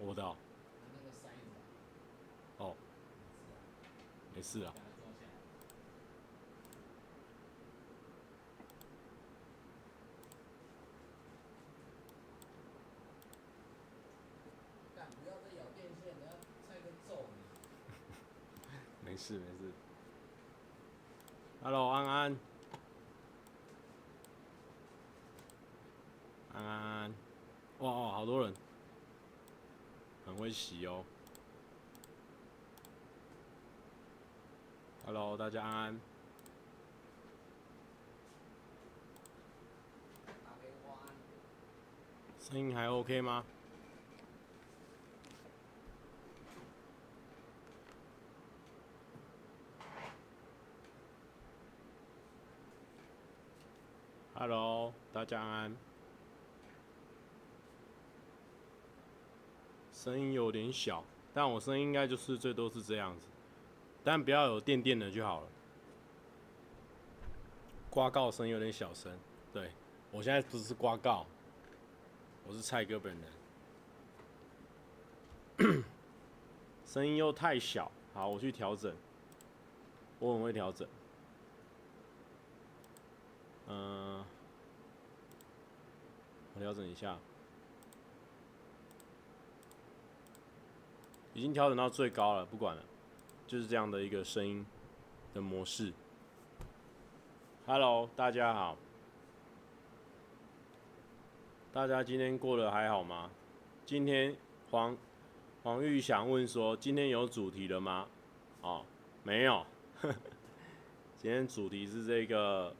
我那那、啊、哦，哦，沒事啊，才能揍你 沒事沒事。 Hello，安安。會洗哦！Hello，大家安安，聲音還 OK 嗎？Hello，大家安安。聲音有點小，但我聲音應該就是最多是這樣子，但不要有電電的就好了。刮告聲有點小聲，對，我現在不是刮告，我是蔡哥本人，聲 音又太小，好，我去調整，我很會調整，嗯、呃，我調整一下。已經調整到最高了，不管了，就是這樣的一個聲音的模式。Hello，大家好，大家今天過得還好嗎？今天黃黃玉想問說，今天有主題了嗎？哦，沒有，呵呵，今天主題是這個。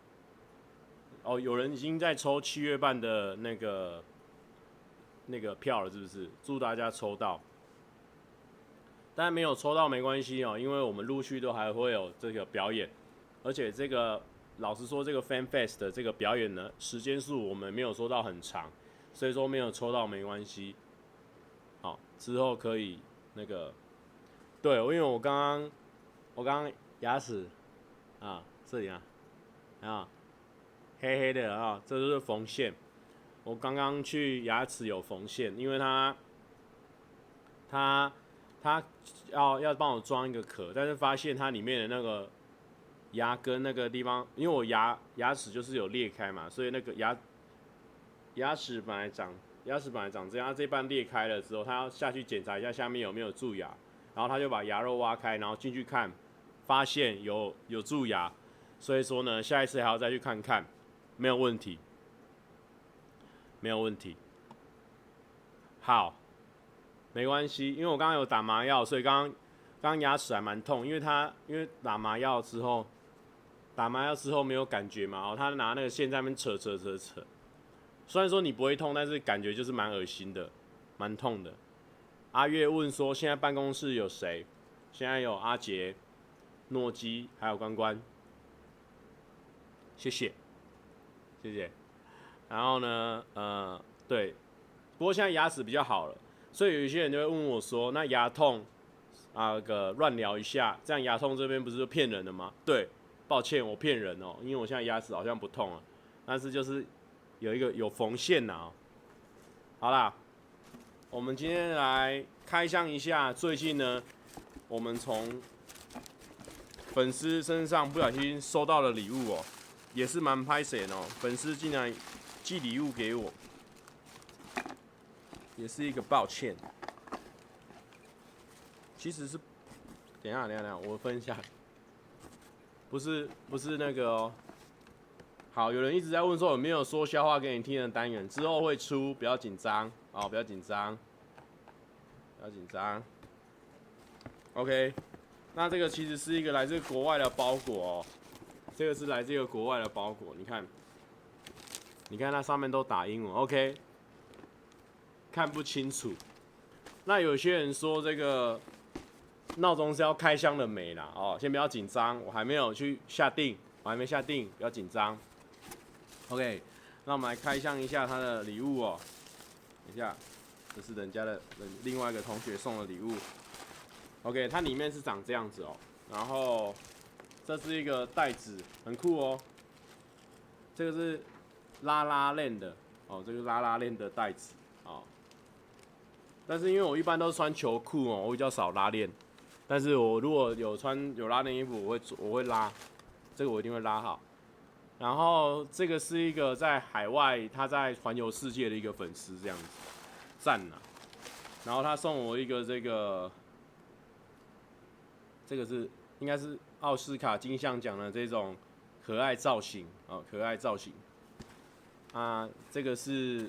哦，有人已經在抽七月半的那個那個票了，是不是？祝大家抽到。但沒有抽到沒關係哦、喔，因為我們陸續都還會有這個表演，而且這個老實說，這個 Fan Fest 的這個表演呢，時間數我們沒有抽到很長，所以說沒有抽到沒關係。好，之後可以那個，對，因為我剛剛我剛剛牙齒啊這裡啊啊黑黑的啊，這個就是縫線。我剛剛去牙齒有縫線，因為它它。他要要幫我裝一個殼，但是發現它裡面的那個牙根那個地方，因為我牙牙齒就是有裂開嘛，所以那個牙牙齒本來長牙齒本來長這樣，它、啊、這半裂開了之後，他要下去檢查一下下面有沒有蛀牙，然後他就把牙肉挖開，然後進去看，發現有有蛀牙，所以說呢，下一次還要再去看看，沒有問題，沒有問題，好。沒關係，因為我剛剛有打麻藥，所以剛剛剛剛牙齒還蠻痛，因為他因為打麻藥之後，打麻藥之後沒有感覺嘛，然後，哦，他拿那個線在那邊扯扯扯扯，雖然說你不會痛，但是感覺就是蠻惡心的，蠻痛的。阿月問說現在辦公室有誰？現在有阿杰、諾基，還有關關。謝謝，謝謝。然後呢，呃，對，不過現在牙齒比較好了。所以有一些人就會問我說：“那牙痛，啊個亂聊一下，這樣牙痛這邊不是就騙人了嗎？”對，抱歉，我騙人哦，因為我現在牙齒好像不痛了，但是就是有一個有縫線啊、哦。好啦，我們今天來開箱一下，最近呢，我們從粉絲身上不小心收到了禮物哦，也是蠻開心哦，粉絲竟然寄禮物給我。也是一個抱歉，其實是，等一下，等下，等下，我分一下，不是，不是那個哦。好，有人一直在問說有沒有說笑話給你聽的單元，之後會出，不要緊張啊，不要緊張，不要緊張。OK，那這個其實是一個來自國外的包裹哦，這個是來自一個國外的包裹，你看，你看它上面都打英文，OK。看不清楚。那有些人說這個鬧鐘是要開箱的，沒啦，哦，先不要緊張，我還沒有去下定，我還沒下定，不要緊張。OK，那我們來開箱一下他的禮物哦。等一下，這是人家的人另外一個同學送的禮物。OK，它裡面是長這樣子哦，然後這是一個袋子，很酷哦。這個是拉拉鏈的哦，這個是拉拉鏈的袋子。但是因為我一般都是穿球褲哦，我會比較少拉鏈。但是我如果有穿有拉鏈衣服，我會我會拉，這個我一定會拉好。然後這個是一個在海外，他在環遊世界的一個粉絲這樣子，讚了、啊。然後他送我一個這個，這個是應該是奧斯卡金像獎的這種可愛造型哦，可愛造型。啊，這個是。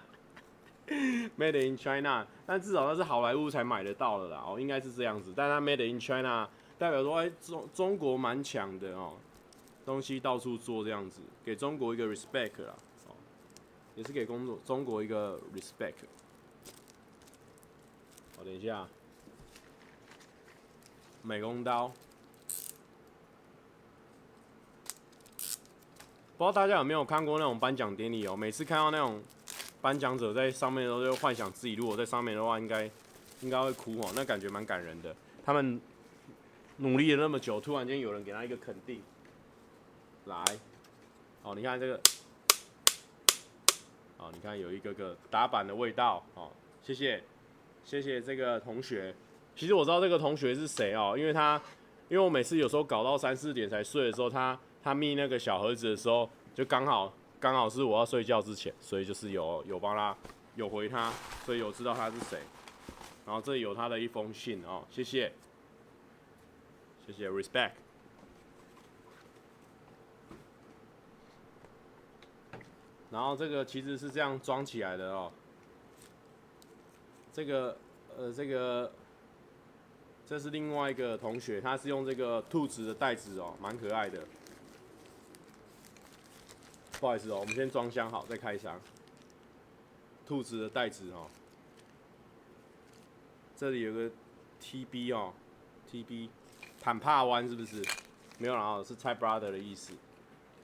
made in China，但至少它是好萊塢才買得到的啦，哦，應該是這樣子。但它 Made in China，代表說誒，中中國蠻強的哦，東西到處做這樣子，給中國一個 respect 啦。哦，也是給工作中國一個 respect。哦，等一下，美工刀，不知道大家有沒有看過那種頒獎典禮哦，每次看到那種。頒獎者在上面的時候就幻想自己如果在上面的話，應該應該會哭哦、喔，那感覺蠻感人的。他們努力了那麼久，突然間有人給他一個肯定，來，哦，你看這個，哦，你看有一個個打板的味道，哦，謝謝，謝謝這個同學。其實我知道這個同學是誰哦，因為他，因為我每次有時候搞到三四點才睡的時候，他他密那個小盒子的時候，就剛好。剛好是我要睡覺之前，所以就是有有幫他有回他，所以有知道他是誰。然後這裡有他的一封信哦，謝謝，謝謝，Respect。然後這個其實是這樣裝起來的哦。這個呃，這個這是另外一個同學，他是用這個兔子的袋子哦，蠻可愛的。不好意思哦，我們先裝箱好再開箱。兔子的袋子哦，這裡有個 TB 哦，TB 坦帕灣是不是？沒有了哦，是蔡 brother 的意思。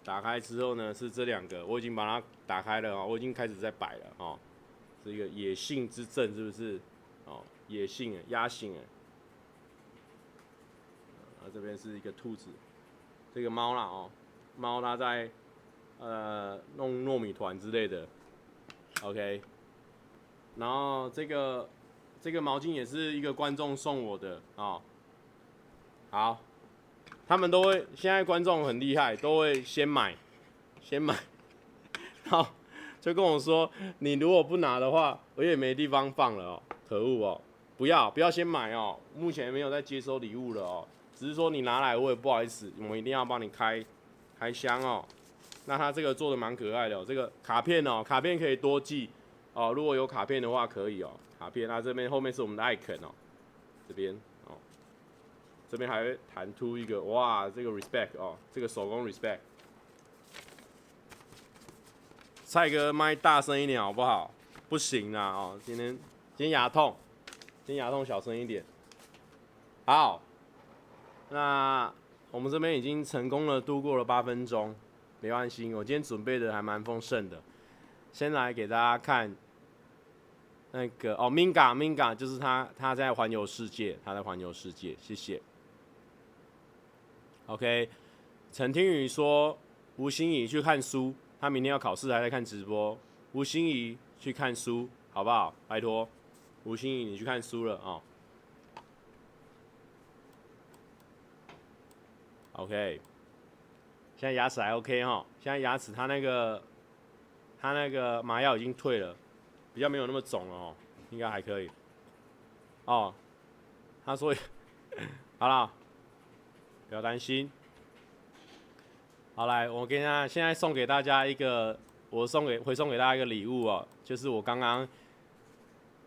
打開之後呢，是這兩個，我已經把它打開了啊、哦，我已經開始在擺了哦。是一個野性之證是不是？哦，野性，壓性哎。啊，這邊是一個兔子，這個貓啦哦，貓它在。呃，弄糯米團之類的，OK。然後這個這個毛巾也是一個觀眾送我的哦。好，他們都會，現在觀眾很厲害，都會先買，先買。然後，就跟我說，你如果不拿的話，我也沒地方放了哦。可惡哦，不要不要先買哦，目前也沒有在接收禮物了哦，只是說你拿來我也不好意思，我們一定要幫你開開箱哦。那它這個做的蠻可愛的哦，這個卡片哦，卡片可以多寄哦，如果有卡片的話可以哦，卡片。那這邊後面是我們的 icon 哦，這邊哦，這邊還會彈出一個哇，這個 respect 哦，這個手工 respect。蔡哥麥大聲一點好不好？不行啦哦，今天今天牙痛，今天牙痛小聲一點。好，那我們這邊已經成功了，度過了八分鐘。沒關係，我今天準備的還蠻豐盛的。先來給大家看那個哦，Minga Minga，就是他，他在環遊世界，他在環遊世界，謝謝。OK，陳天宇說吳欣怡去看書，他明天要考試還在看直播。吳欣怡去看書，好不好？拜託，吳欣怡你去看書了哦。OK。現在牙齒還 OK 哈，現在牙齒他那個他那個麻藥已經退了，比較沒有那麼腫了哦，應該還可以。哦，他說好了，不要擔心。好，來，我跟大家，現在送給大家一個，我送給會送給大家一個禮物哦、啊，就是我剛剛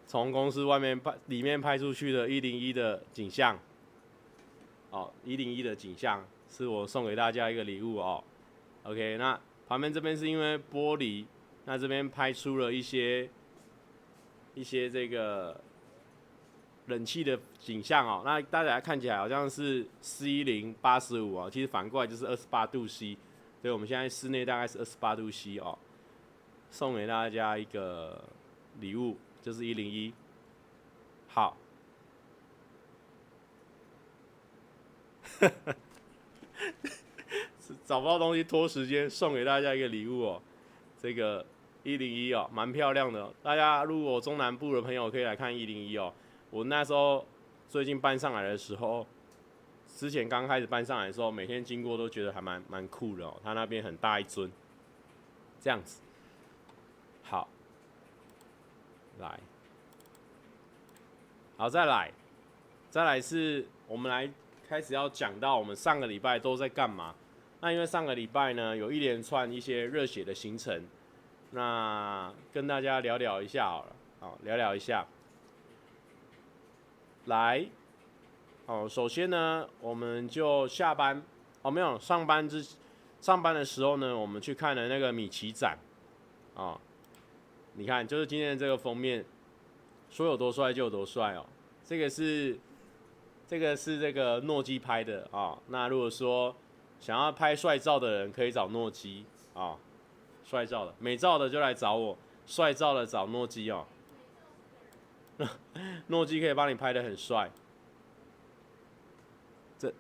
從公司外面拍裡面拍出去的101的景象。哦，101的景象。是我送給大家一個禮物哦，OK，那旁邊這邊是因為玻璃，那這邊拍出了一些一些這個冷氣的景象哦，那大家看起來好像是四一零八十五哦，其實反過來就是二十八度 C，所以我們現在室內大概是二十八度 C 哦，送給大家一個禮物，就是一零一，好，哈哈。 找不到東西拖時間，送給大家一個禮物哦。這個一零一哦，蠻漂亮的。大家如果中南部的朋友可以來看一零一哦。我那時候最近搬上來的時候，之前剛開始搬上來的時候，每天經過都覺得還蠻蠻酷的哦。它那邊很大一尊，這樣子。好，來，好，再來，再來是我們來。開始要講到我們上個禮拜都在幹嘛？那因為上個禮拜呢，有一連串一些熱血的行程，那跟大家聊聊一下好了，好，聊聊一下。來，哦，首先呢，我們就下班，哦，沒有上班之，上班的時候呢，我們去看了那個米奇展，哦。你看，就是今天的這個封面，說有多帥就有多帥哦，這個是。這個是這個諾基拍的啊、哦，那如果說想要拍帥照的人，可以找諾基啊，帥、哦、照的美照的就來找我，帥照的找諾基哦，諾基可以幫你拍得很帥。這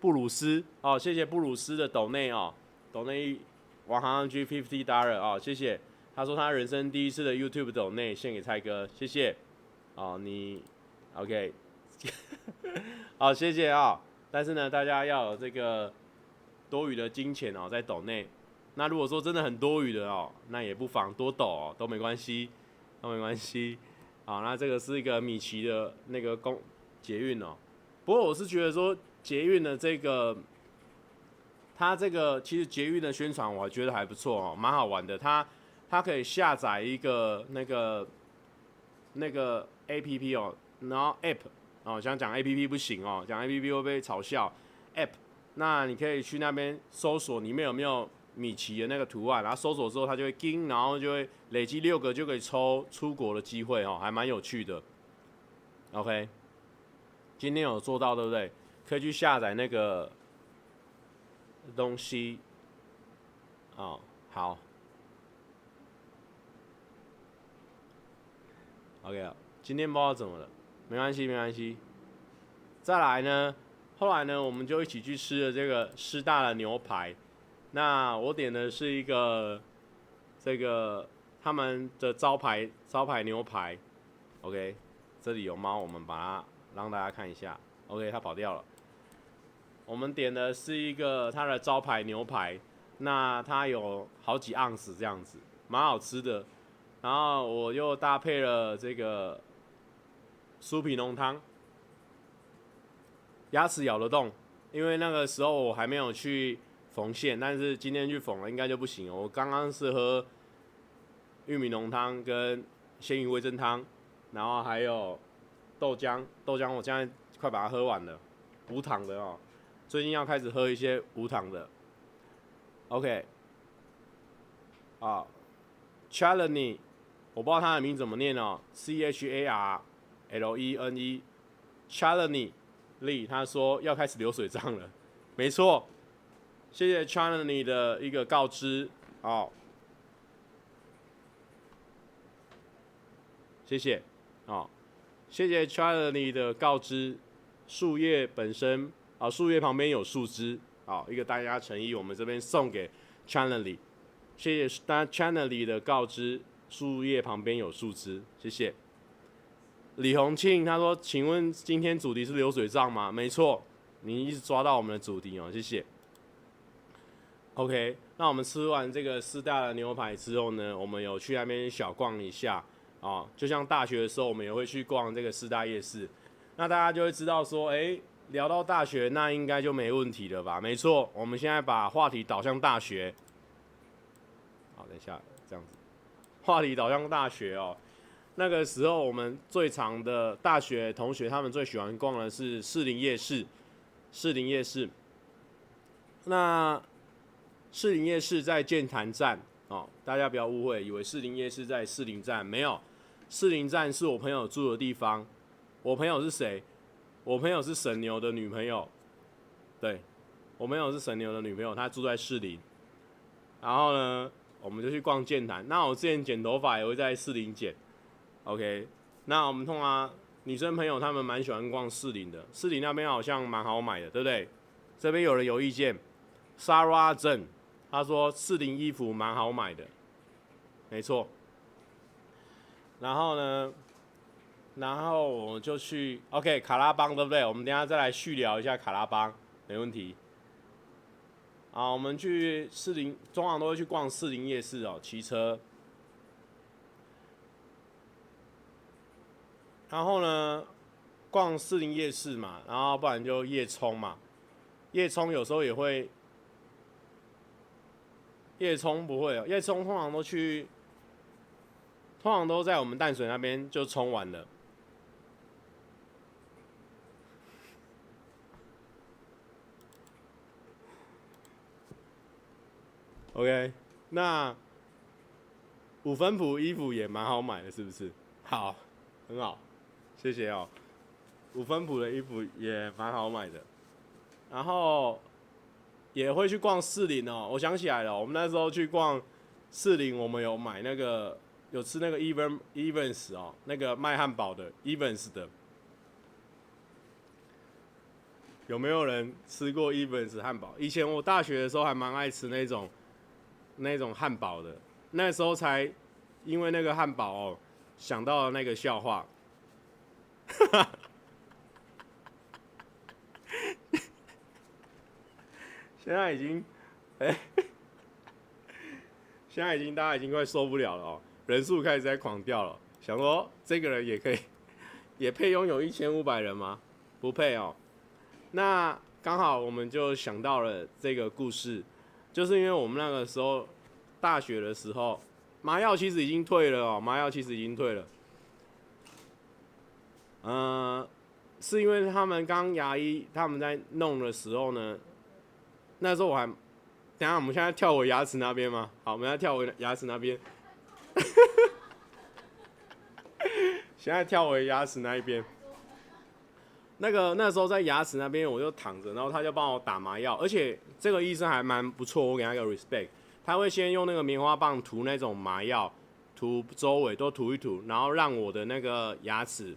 布魯斯哦，謝謝布魯斯的抖內啊、哦，抖內王行 g fifty dollar 啊，謝謝，他說他人生第一次的 YouTube 抖內獻給蔡哥，謝謝，啊、哦，你 OK。 好，謝謝啊、哦！但是呢，大家要有這個多餘的金錢哦，在抖內。那如果說真的很多餘的哦，那也不妨多抖哦，都沒關係，都沒關係。好，那這個是一個米奇的那個公捷運哦。不過我是覺得說捷運的這個，他這個其實捷運的宣傳，我覺得還不錯哦，蠻好玩的。他他可以下載一個那個那個 APP 哦，然後 APP。哦，像講 A P P 不行哦，講 A P P 會被嘲笑。App，那你可以去那邊搜索，裡面有沒有米奇的那個圖案，然後搜索之後它就會金，然後就會累積六個就可以抽出國的機會哦，還蠻有趣的。OK，今天有做到對不對？可以去下載那個東西。哦，好。OK 啊，今天不知道怎麼了？沒關係，沒關係。再來呢，後來呢，我們就一起去吃了這個師大的牛排。那我點的是一個這個他們的招牌招牌牛排。OK，這裡有貓，我們把它讓大家看一下。OK，它跑掉了。我們點的是一個它的招牌牛排，那它有好幾盎司這樣子，蠻好吃的。然後我又搭配了這個。酥皮濃湯，牙齒咬得動，因為那個時候我還沒有去縫線，但是今天去縫了應該就不行了。我剛剛是喝玉米濃湯跟鮮魚味噌湯，然後還有豆漿，豆漿我現在快把它喝完了，無糖的哦。最近要開始喝一些無糖的。OK，啊，Chalany 我不知道它的名字怎麼念哦，C H A R。L E N E Chalony 他說要開始流水賬了，沒錯，謝謝 Chalony 的一個告知，哦，謝謝，哦，謝謝 Chalony 的告知，樹葉本身啊，樹、哦、葉旁邊有樹枝，好、哦，一個大家誠意，我們這邊送給 Chalony，謝謝單 Chalony 的告知，樹葉旁邊有樹枝，謝謝。李洪慶他說：“請問今天主題是，是流水賬嗎？”“沒錯，你一直抓到我們的主題哦，謝謝。”“OK，那我們吃完這個師大的牛排之後呢，我們有去那邊小逛一下啊、哦。就像大學的時候，我們也會去逛這個師大夜市。那大家就會知道說，哎、欸，聊到大學，那應該就沒問題了吧？”“沒錯，我們現在把話題導向大學。好，等一下，這樣子，話題導向大學哦。”那個時候，我們最長的大學同學，他們最喜歡逛的是士林夜市。士林夜市，那士林夜市在劍潭站哦，大家不要誤會，以為士林夜市在士林站，沒有。士林站是我朋友住的地方。我朋友是誰？我朋友是沈牛的女朋友。對，我朋友是沈牛的女朋友，她住在士林。然後呢，我們就去逛劍潭。那我之前剪頭髮也會在士林剪。OK，那我們通常、啊、女生朋友她們蠻喜歡逛士林的，士林那邊好像蠻好買的，對不對？這邊有人有意見，Sarah Zen 她說士林衣服蠻好買的，沒錯。然後呢，然後我就去 OK 卡拉邦對不對？我們等下再來續聊一下卡拉邦，沒問題。啊，我們去士林，通常都會去逛士林夜市哦，騎車。然後呢，逛四零夜市嘛，然後不然就夜衝嘛。夜衝有時候也會，夜衝不會哦，夜衝通常都去，通常都在我們淡水那邊就衝完了。OK，那五分埔衣服也蠻好買的，是不是？好，很好。謝謝哦，五分埔的衣服也蠻好買的，然後也會去逛士林哦。我想起來了，我們那時候去逛士林，我們有買那個，有吃那個 Even Events 哦，那個賣漢堡的 Events 的，有沒有人吃過 Events 漢堡？以前我大學的時候還蠻愛吃那種那種漢堡的，那時候才因為那個漢堡哦，想到了那個笑話。哈哈， 現在已經，哎，現在已經大家已經快受不了了哦，人數開始在狂掉了。想說這個人也可以，也配擁有一千五百人嗎？不配哦。那剛好我們就想到了這個故事，就是因為我們那個時候大學的時候，麻藥其實已經退了哦，麻藥其實已經退了。呃，是因為他們剛牙醫他們在弄的時候呢，那時候我還等下好，我們現在跳回牙齒那邊嗎？好，我們要跳回牙齒那邊。現在跳回牙齒那一邊。那個那時候在牙齒那邊，我就躺着，然後他就幫我打麻藥，而且這個醫生還蠻不錯，我給他一個 respect。他會先用那個棉花棒塗那種麻藥，塗周圍都塗一塗，然後讓我的那個牙齒。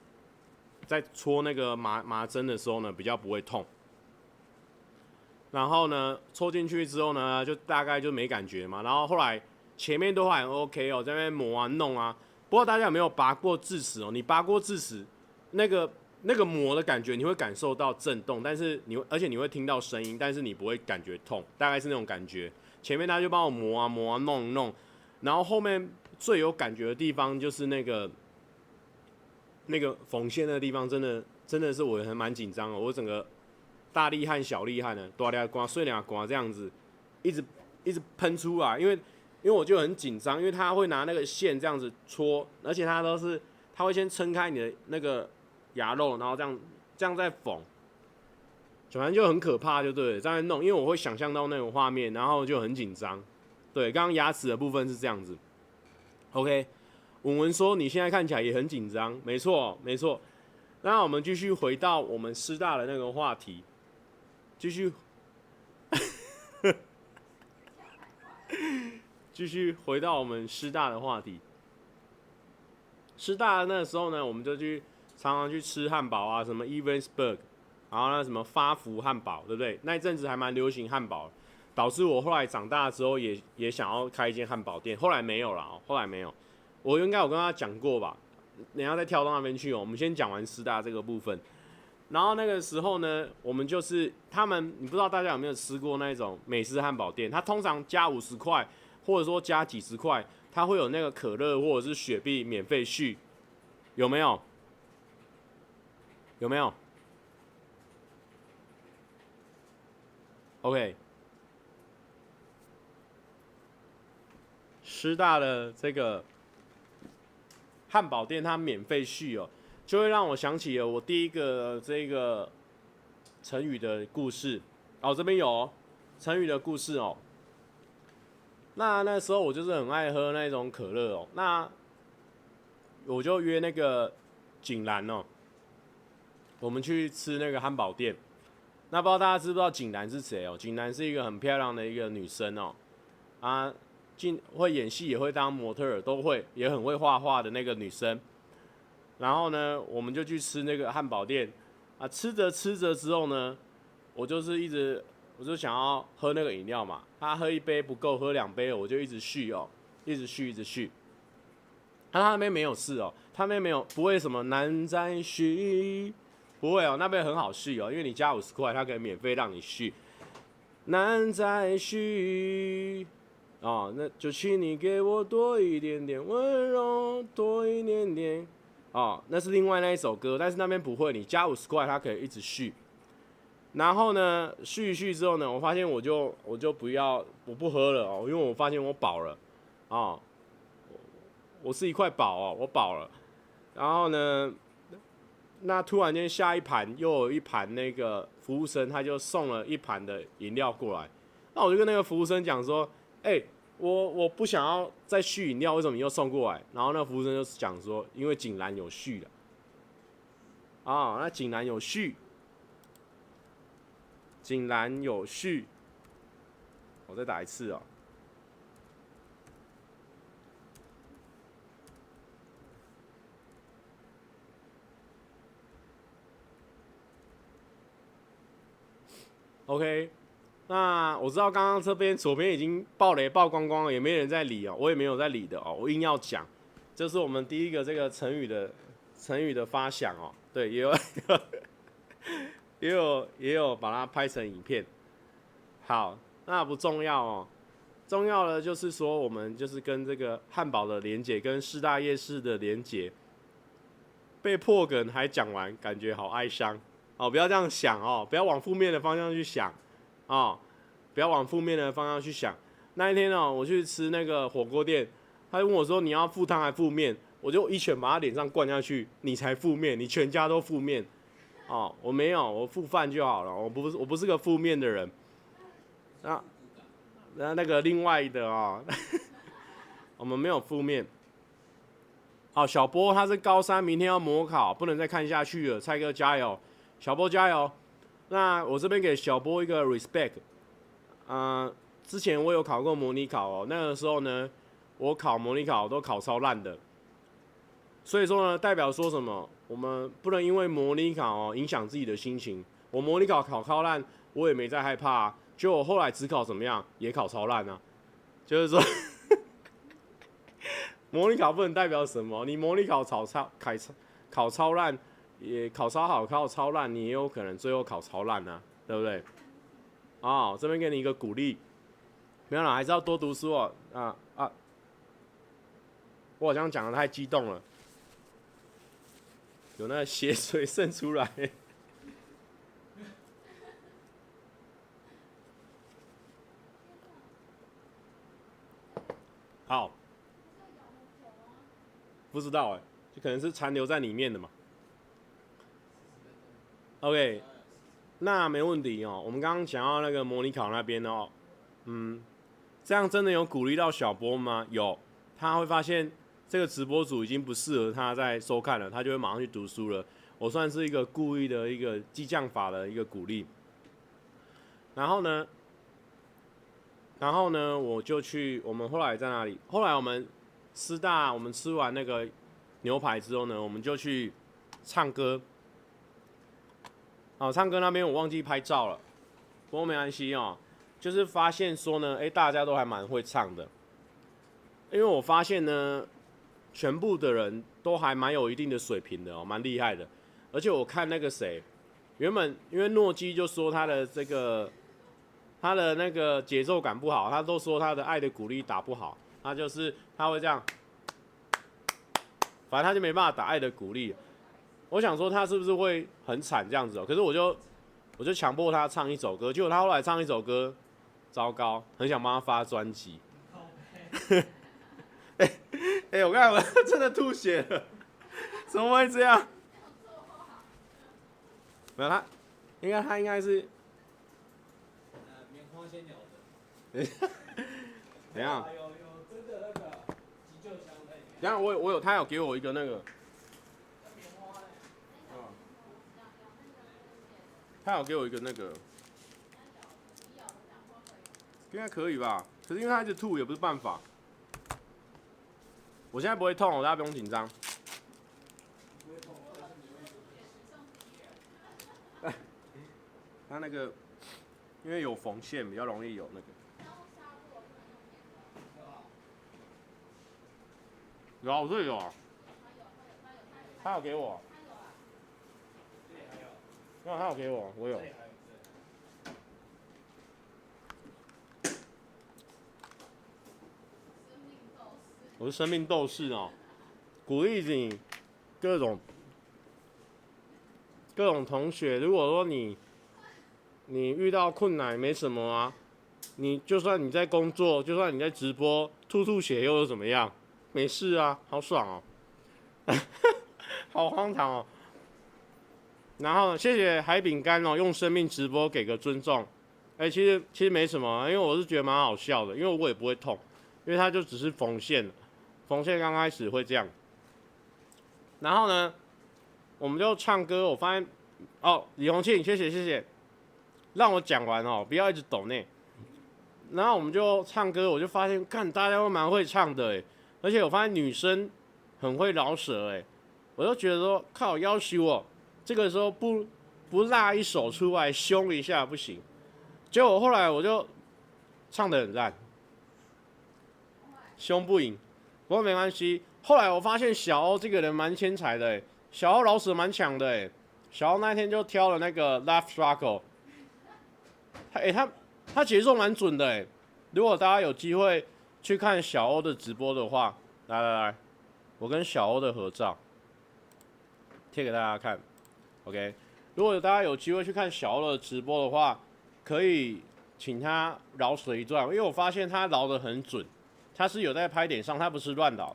在戳那個麻麻針的時候呢，比較不會痛。然後呢，戳進去之後呢，就大概就沒感覺嘛。然後後來前面都還 OK 哦，在那邊磨啊、弄啊。不知道大家有沒有拔過智齒哦？你拔過智齒，那個那個磨的感覺，你會感受到震動，但是你而且你會聽到聲音，但是你不會感覺痛，大概是那種感覺。前面他就幫我磨啊磨啊弄一弄，然後後面最有感覺的地方就是那個。那個縫線那個地方真的，真的是我還蠻緊張哦，我整個大厲害小厲害呢，大力刮、碎力刮這樣子，一直一直噴出來，因為因為我就很緊張，因為他會拿那個線這樣子戳，而且他都是他會先撐開你的那個牙肉，然後這樣這樣再縫，反正就很可怕就對，這樣弄，因為我會想象到那種畫面，然後就很緊張。對，剛剛牙齒的部分是這樣子，OK。文文說你現在看起來也很緊張，沒錯，沒錯。那我們繼續回到我們師大的那個話題，繼續，繼 續回到我們師大的話題。師大的那個時候呢，我們就去常常去吃漢堡啊，什麼 Evensburg，然後那什麼發福漢堡，對不對？那一陣子還蠻流行漢堡，導致我後來長大之後也也想要開一間漢堡店，後來沒有了，後來沒有。我應該有跟他講過吧，等下再跳到那邊去哦、喔。我們先講完師大這個部分，然後那個時候呢，我們就是他們，你不知道大家有沒有吃過那種美式漢堡店？它通常加五十塊，或者說加幾十塊，它會有那個可樂或者是雪碧免費續，有沒有？有沒有？OK，師大的這個。漢堡店它免費續哦，就會讓我想起了我第一個這個成語的故事哦，這邊有、哦、成語的故事哦。那那時候我就是很愛喝那種可樂哦，那我就約那個景嵐哦，我們去吃那個漢堡店。那不知道大家知不知道景嵐是誰哦？景嵐是一個很漂亮的一個女生哦，啊。會演戲也會當模特都會，也很會畫畫的那個女生。然後呢，我們就去吃那個漢堡店啊，吃着吃着之後呢，我就是一直我就想要喝那個飲料嘛。他、啊、喝一杯不夠，喝兩杯，我就一直續哦，一直續一直續。他、啊、那邊沒有事哦，他那邊沒有不會什麼難再續，不會哦，那邊很好續哦，因為你加五十塊，他可以免費讓你續難再續。哦，那就請你給我多一點點溫柔，多一點點。哦，那是另外那一首歌，但是那邊不會，你加五十塊，它可以一直續。然後呢，續一續之後呢，我發現我就我就不要，我不喝了哦，因為我發現我飽了哦。我我是一塊寶哦，我飽了。然後呢，那突然間下一盤又有一盤那個服務生他就送了一盤的飲料過來，那我就跟那個服務生講說。哎、欸，我我不想要再續飲料，為什麼你又送過來？然後那服務生就講說，因為井然有序了。啊，那井然有序，井然有序。我再打一次哦。OK。那我知道剛剛這邊左邊已經爆雷爆光光了，也沒人在理哦、喔，我也沒有在理的哦、喔，我硬要講，這是我們第一個這個成語的成語的發想哦、喔，對，也有 也有也有把它拍成影片，好，那不重要哦、喔，重要的就是說我們就是跟這個漢堡的連結跟四大夜市的連結被破梗還講完，感覺好哀傷哦，不要這樣想哦、喔，不要往負面的方向去想。啊、哦，不要往負面的方向去想。那一天呢、哦，我去吃那個火鍋店，他就問我說：“你要負湯還負面？”我就一拳把他臉上灌下去。你才負面，你全家都負面。哦，我沒有，我負飯就好了。我不，我不是個負面的人。那、啊，那那個另外的啊、哦， 我們沒有負面。哦，小波他是高三，明天要模考，不能再看下去了。蔡哥加油，小波加油。那我這邊給小波一個 respect，啊、呃，之前我有考過模擬考哦，那個時候呢，我考模擬考都考超爛的，所以說呢，代表說什麼？我們不能因為模擬考哦影響自己的心情。我模擬考考超爛，我也沒在害怕，啊，就我後來只考怎麼樣，也考超爛啊，就是說， 模擬考不能代表什麼，你模擬考考超，考超爛。也考超好，考超爛，你也有可能最後考超爛呢、啊，對不對？啊、哦，這邊給你一個鼓勵，沒有了，還是要多讀書哦、喔。啊啊，我好像講得太激動了，有那個血水滲出來、欸。好，不知道哎、欸，就可能是殘留在裡面的嘛。OK，那沒問題哦。我們剛剛講到那個模擬考那邊哦，嗯，這樣真的有鼓勵到小波嗎？有，他會發現這個直播組已經不適合他在收看了，他就會馬上去讀書了。我算是一個故意的一個激將法的一個鼓勵。然後呢，然後呢，我就去。我們後來在哪裡？後來我們師大，我們吃完那個牛排之後呢，我們就去唱歌。哦，唱歌那邊我忘記拍照了，不過沒關係哦、喔。就是發現說呢，哎、欸，大家都還蠻會唱的，因為我發現呢，全部的人都還蠻有一定的水平的哦、喔，蠻厲害的。而且我看那個誰，原本因為諾基就說他的這個，他的那個節奏感不好，他都說他的《愛的鼓勵》打不好，他就是他會這樣，反正他就沒辦法打《愛的鼓勵》。我想說他是不是會很慘這樣子哦、喔？可是我就我就強迫他唱一首歌，結果他後來唱一首歌，糟糕，很想幫他發專輯。哎哎，我剛才我真的吐血了， 怎麼會這樣？沒有他，應該他應該是。怎樣？等一下。等一下，我我有他有給我一個那個。他有給我一個那個，應該可以吧？可是因為他一直吐，也不是辦法。我現在不會痛，大家不用緊張。他那個因為有縫線，比較容易有那個。有啊，我這裡有啊，他有，他有給我。那號、哦、給我，我有。我是生命鬥士哦，鼓勵你，各種各種同學，如果說你你遇到困難，沒什麼啊，你就算你在工作，就算你在直播，吐吐血又有怎麼樣？沒事啊，好爽哦， 好荒唐哦。然後謝謝海餅乾哦，用生命直播給個尊重。哎，其實其實沒什麼，因為我是覺得蠻好笑的，因為我也不會痛，因為它就只是縫線，縫線剛開始會這樣。然後呢，我們就唱歌，我發現哦，李洪慶，謝謝謝謝，讓我講完哦，不要一直抖內。然後我們就唱歌，我就發現看大家都蠻會唱的哎，而且我發現女生很會饒舌哎，我就覺得說靠夭壽哦。這個時候不不拉一手出來凶一下不行，結果後來我就唱的很爛，凶不贏，不過沒關係。後來我發現小歐這個人蠻天才的，欸，小歐老師蠻強的，哎，小歐那天就挑了那個《Life Struggle》欸他，他哎他他節奏蠻準的，哎，如果大家有機會去看小歐的直播的話，來來來，我跟小歐的合照貼給大家看。OK，如果大家有機會去看小歐的直播的話，可以請他饒舌一段，因為我發現他饒的很準，他是有在拍點上，他不是亂饒。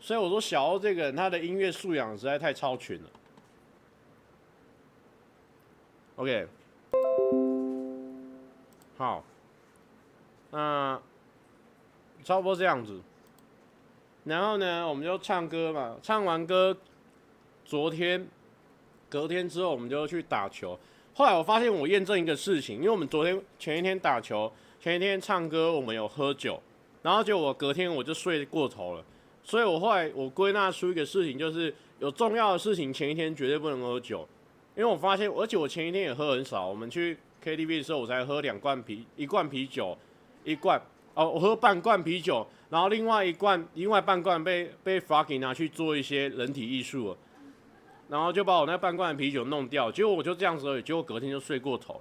所以我說小歐這個人他的音樂素養實在太超群了。OK，好，那差不多這樣子，然後呢，我們就唱歌嘛，唱完歌，昨天。隔天之後，我們就去打球。後來我發現，我驗證一個事情，因為我們昨天前一天打球，前一天唱歌，我們有喝酒，然後結果我隔天我就睡過頭了。所以我後來我歸納出一個事情，就是有重要的事情前一天絕對不能喝酒。因為我發現，而且我前一天也喝很少。我們去 KTV 的時候，我才喝兩罐啤，一罐啤酒，一罐哦，我喝半罐啤酒，然後另外一罐，另外半罐被被 Fucking 拿去做一些人體藝術。然後就把我那半罐的啤酒弄掉，結果我就這樣子而已，結果隔天就睡過頭了。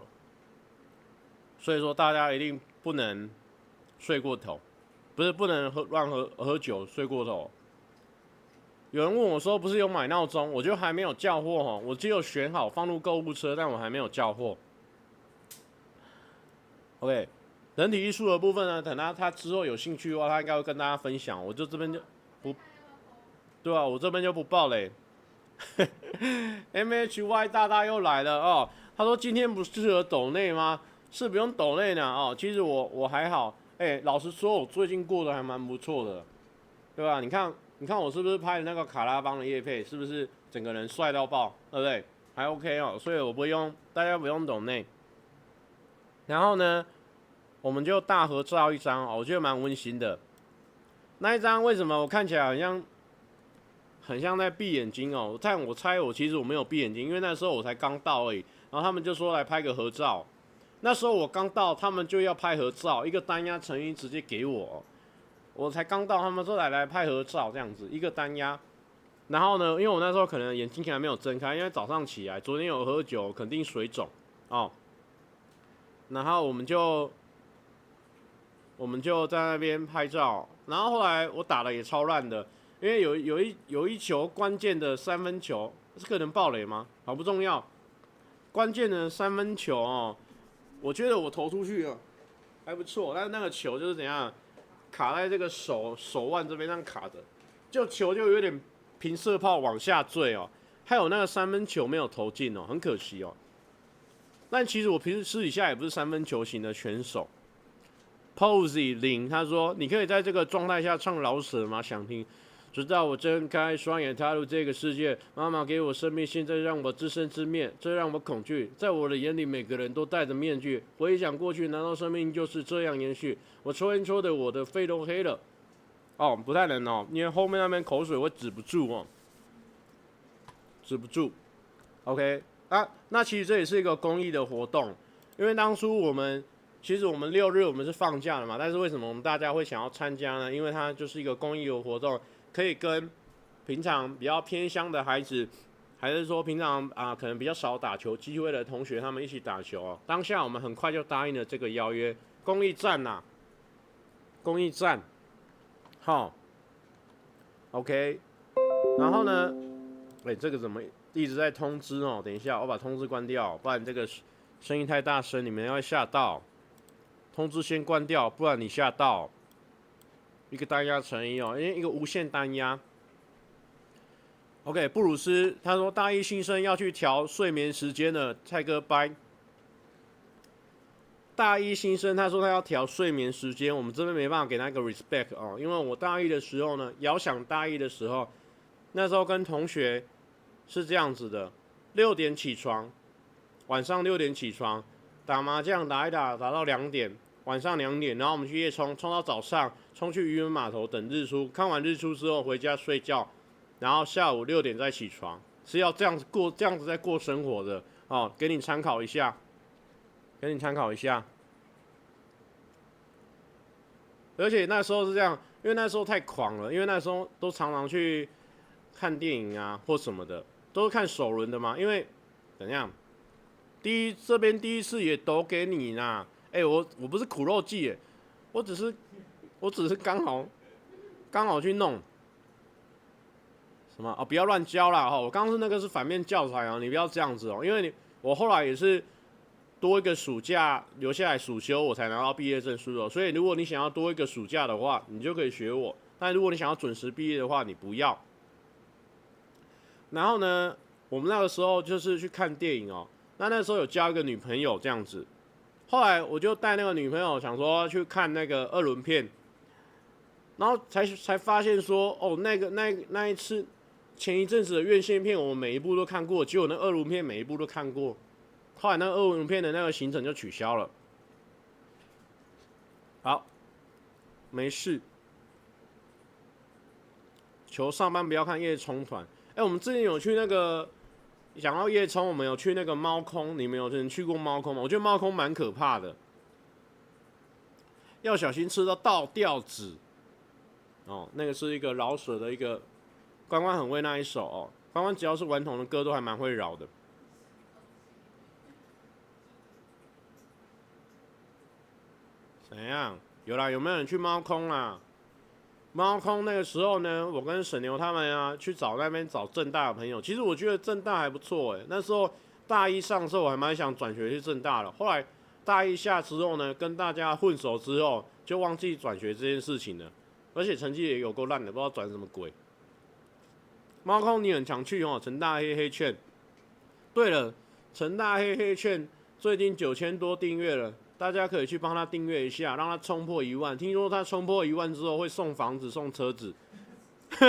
所以說大家一定不能睡過頭，不是不能喝亂喝喝酒睡過頭。有人問我說，不是有買鬧鐘，我就還沒有叫貨哈。我只有選好放入購物車，但我還沒有叫貨。OK，人體藝術的部分呢，等他他之後有興趣的話，他應該會跟大家分享。我就這邊就不，對啊，我這邊就不報嘞。 M H Y 大大又來了哦，他說今天不適合抖內嗎？是不用抖內呢哦。其實我我還好，哎、欸，老實說，我最近過得還蠻不錯的，對吧、啊？你看，你看我是不是拍的那個卡拉邦的業配？是不是整個人帥到爆？對不對？還 OK 哦，所以我不用，大家不用抖內。然後呢，我們就大合照一張哦，我覺得蠻溫馨的。那一張為什麼我看起來好像？很像在閉眼睛哦、喔，但我猜我其實我沒有閉眼睛，因為那時候我才剛到而已。然後他們就說來拍個合照，那時候我剛到，他們就要拍合照，一個單押成雲直接給我，我才剛到，他們說，來來拍合照這樣子，一個單押。然後呢，因為我那時候可能眼睛還沒有睜開，因為早上起來，昨天有喝酒，肯定水腫哦。然後我們就我們就在那邊拍照，然後後來我打的也超爛的。因為有有一有一球關鍵的三分球是可能爆雷嗎？好，不重要，關鍵的三分球哦、喔，我覺得我投出去啊、喔、還不錯，但是那個球就是怎樣卡在這個手手腕這邊上卡着，就球就有點平射炮往下墜哦，還有那個三分球沒有投進哦、喔，很可惜哦、喔。但其實我平時私底下也不是三分球型的選手。Posey 零他說你可以在這個狀態下唱饒舌嗎？想聽。直到我睜開雙眼踏入這個世界，媽媽給我生命，現在讓我自生自滅，這讓我恐懼。在我的眼裡，每個人都戴着面具。回想過去，難道生命就是這樣延續？我抽煙抽的，我的肺都黑了。哦，不太能哦，因為後面那邊口水會止不住哦，止不住。OK 啊，那其實這也是一個公益的活動，因為當初我們其實我們六日我們是放假了嘛，但是為什麼我們大家會想要參加呢？因為它就是一個公益的活動。可以跟平常比較偏鄉的孩子，還是說平常啊、呃，可能比較少打球機會的同學，他們一起打球哦、啊。當下我們很快就答應了這個邀約，公益站吶、啊，公益站，好，OK。然後呢，哎、欸，這個怎麼一直在通知哦？等一下，我把通知關掉，不然這個聲音太大聲，你們要嚇到。通知先關掉，不然你嚇到。一個單壓乘一哦，因為一個無限單壓。OK，布魯斯他說大一新生要去調睡眠時間的，蔡哥掰。大一新生他說他要調睡眠時間，我們這邊沒辦法給他一個 respect 哦、喔，因為我大一的時候呢，遙想大一的時候，那時候跟同學是這樣子的：六點起床，晚上六點起床打麻將打一打，打到兩點，晚上兩點，然後我們去夜衝，衝到早上。衝去漁人碼頭等日出，看完日出之後回家睡覺，然後下午六點再起床，是要這樣子過，這樣子在過生活的哦。給你參考一下，給你參考一下。而且那時候是這樣，因為那時候太狂了，因為那時候都常常去看電影啊或什麼的，都是看首輪的嘛。因為怎樣，第一這邊第一次也都給你啦。哎、欸，我我不是苦肉計、欸，我只是。我只是剛好剛好去弄什麼哦，不要亂教啦，哈！我剛剛是那個是反面教材哦，你不要這樣子哦，因為你我後來也是多一個暑假留下來暑休，我才拿到畢業證書的哦。所以如果你想要多一個暑假的話，你就可以學我；但如果你想要準時畢業的話，你不要。然後呢，我們那個時候就是去看電影哦。那那時候有交一個女朋友這樣子，後來我就帶那個女朋友想說去看那個二輪片。然後才才發現說，哦，那個那個、那一次前一陣子的院線片，我每一部都看過，只有那二輪片每一部都看過，後來那二輪片的那個行程就取消了。好，沒事。求上班不要看夜衝團。哎，我們之前有去那個講到夜衝，我們有去那個貓空，你們有去去過貓空嗎？我覺得貓空蠻可怕的，要小心吃到倒吊子。哦，那個是一個饒舌的一個關關很會那一首哦。關關只要是頑童的歌，都還蠻會饒的。怎樣、啊？有啦，有沒有人去貓空啦、啊？貓空那個時候呢，我跟沈牛他們啊，去找那邊找政大的朋友。其實我覺得政大還不錯哎、欸。那時候大一上的時候，我還蠻想轉學去政大的。後來大一下之後呢，跟大家混熟之後，就忘記轉學這件事情了。而且成績也有夠爛的，不知道轉什麼鬼。貓空你很想去哦，陳大黑黑勸。對了，陳大黑黑勸最近九千多訂閱了，大家可以去幫他訂閱一下，讓他衝破一萬。聽說他衝破一萬之後會送房子送車子，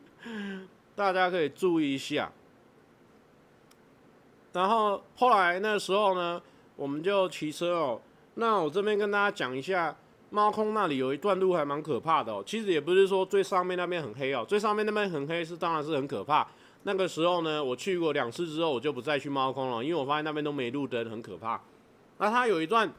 大家可以注意一下。然後後來那時候呢，我們就騎車哦。那我這邊跟大家講一下。貓空那裡有一段路還蠻可怕的哦，其實也不是說最上面那邊很黑哦，最上面那邊很黑是當然是很可怕。那個時候呢，我去過兩次之後，我就不再去貓空了，因為我發現那邊都沒路燈，很可怕。那它有一段，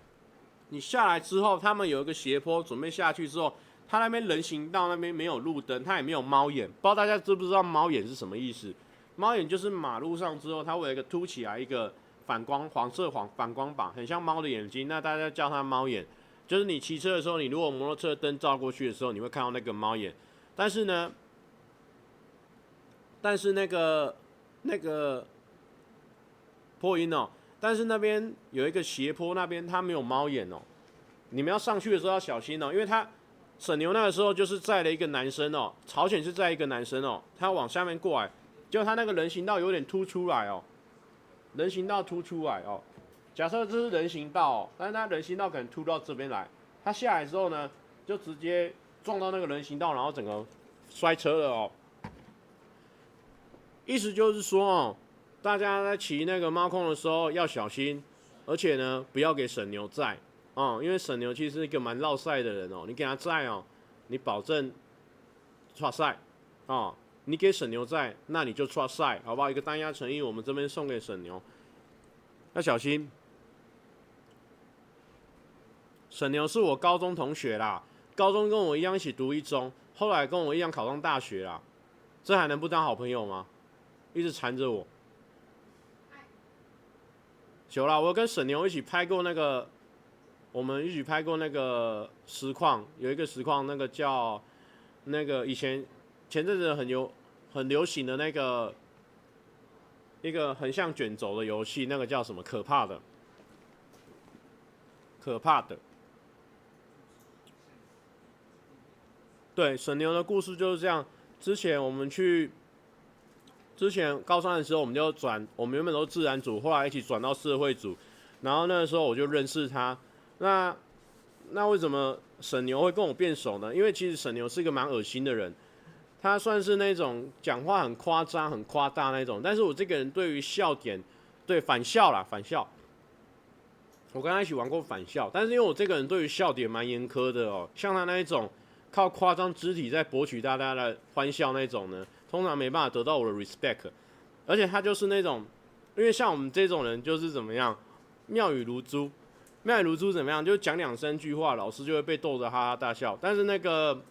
你下來之後，他們有一個斜坡，準備下去之後，它那邊人行道那邊沒有路燈，它也沒有貓眼，不知道大家知不知道貓眼是什麼意思？貓眼就是馬路上之後它會有一個凸起來一個反光，黃色黃反光板，很像貓的眼睛，那大家叫它貓眼。就是你騎車的時候，你如果摩托車燈照過去的時候，你會看到那個貓眼。但是呢，但是那個那個破音哦、喔，但是那邊有一個斜坡，那邊它沒有貓眼哦、喔。你們要上去的時候要小心哦、喔，因為他沈牛，那個時候就是載了一個男生哦、喔，朝鮮是載一個男生哦、喔，他要往下面過來，就他那個人行道有點凸出來哦、喔，人行道凸出來哦、喔。假設這是人行道、喔，但是他人行道可能突到這邊來，他下來之後呢，就直接撞到那個人行道，然後整個摔車了哦、喔。意思就是說哦、喔，大家在騎那個貓空的時候要小心，而且呢不要給沈牛載哦、嗯，因為沈牛其實是一個蠻落賽的人哦、喔，你給他載哦、喔，你保證抓賽啊、嗯，你給沈牛載，那你就抓賽好不好？一個單押誠意，我們這邊送給沈牛，要小心。沈牛是我高中同學啦，高中跟我一樣一起讀一中，後來跟我一樣考上大學啦，這還能不當好朋友嗎？一直纏着我，久了唉。我跟沈牛一起拍過那個，我們一起拍過那個實況，有一個實況，那個叫那個以前前陣子很流很流行的那個一個很像卷軸的遊戲，那個叫什麼？可怕的，可怕的。對，沈牛的故事就是這樣。之前我們去，之前高三的時候，我們就轉，我們原本都自然組，後來一起轉到社會組。然後那個時候我就認識他。那那為什麼沈牛會跟我變熟呢？因為其實沈牛是一個蠻噁心的人，他算是那種講話很誇張、很誇大那種。但是我這個人對於笑點，對，返校啦，返校，我跟他一起玩過返校。但是因為我這個人對於笑點蠻嚴苛的哦，像他那一種。靠誇張肢體在博取大家的歡笑那種呢，通常沒辦法得到我的 respect，而且他就是那種，因為像我們這種人就是怎麼樣，妙語如珠，妙語如珠怎麼樣，就講兩三句話，老師就會被逗得哈哈大笑。但是那個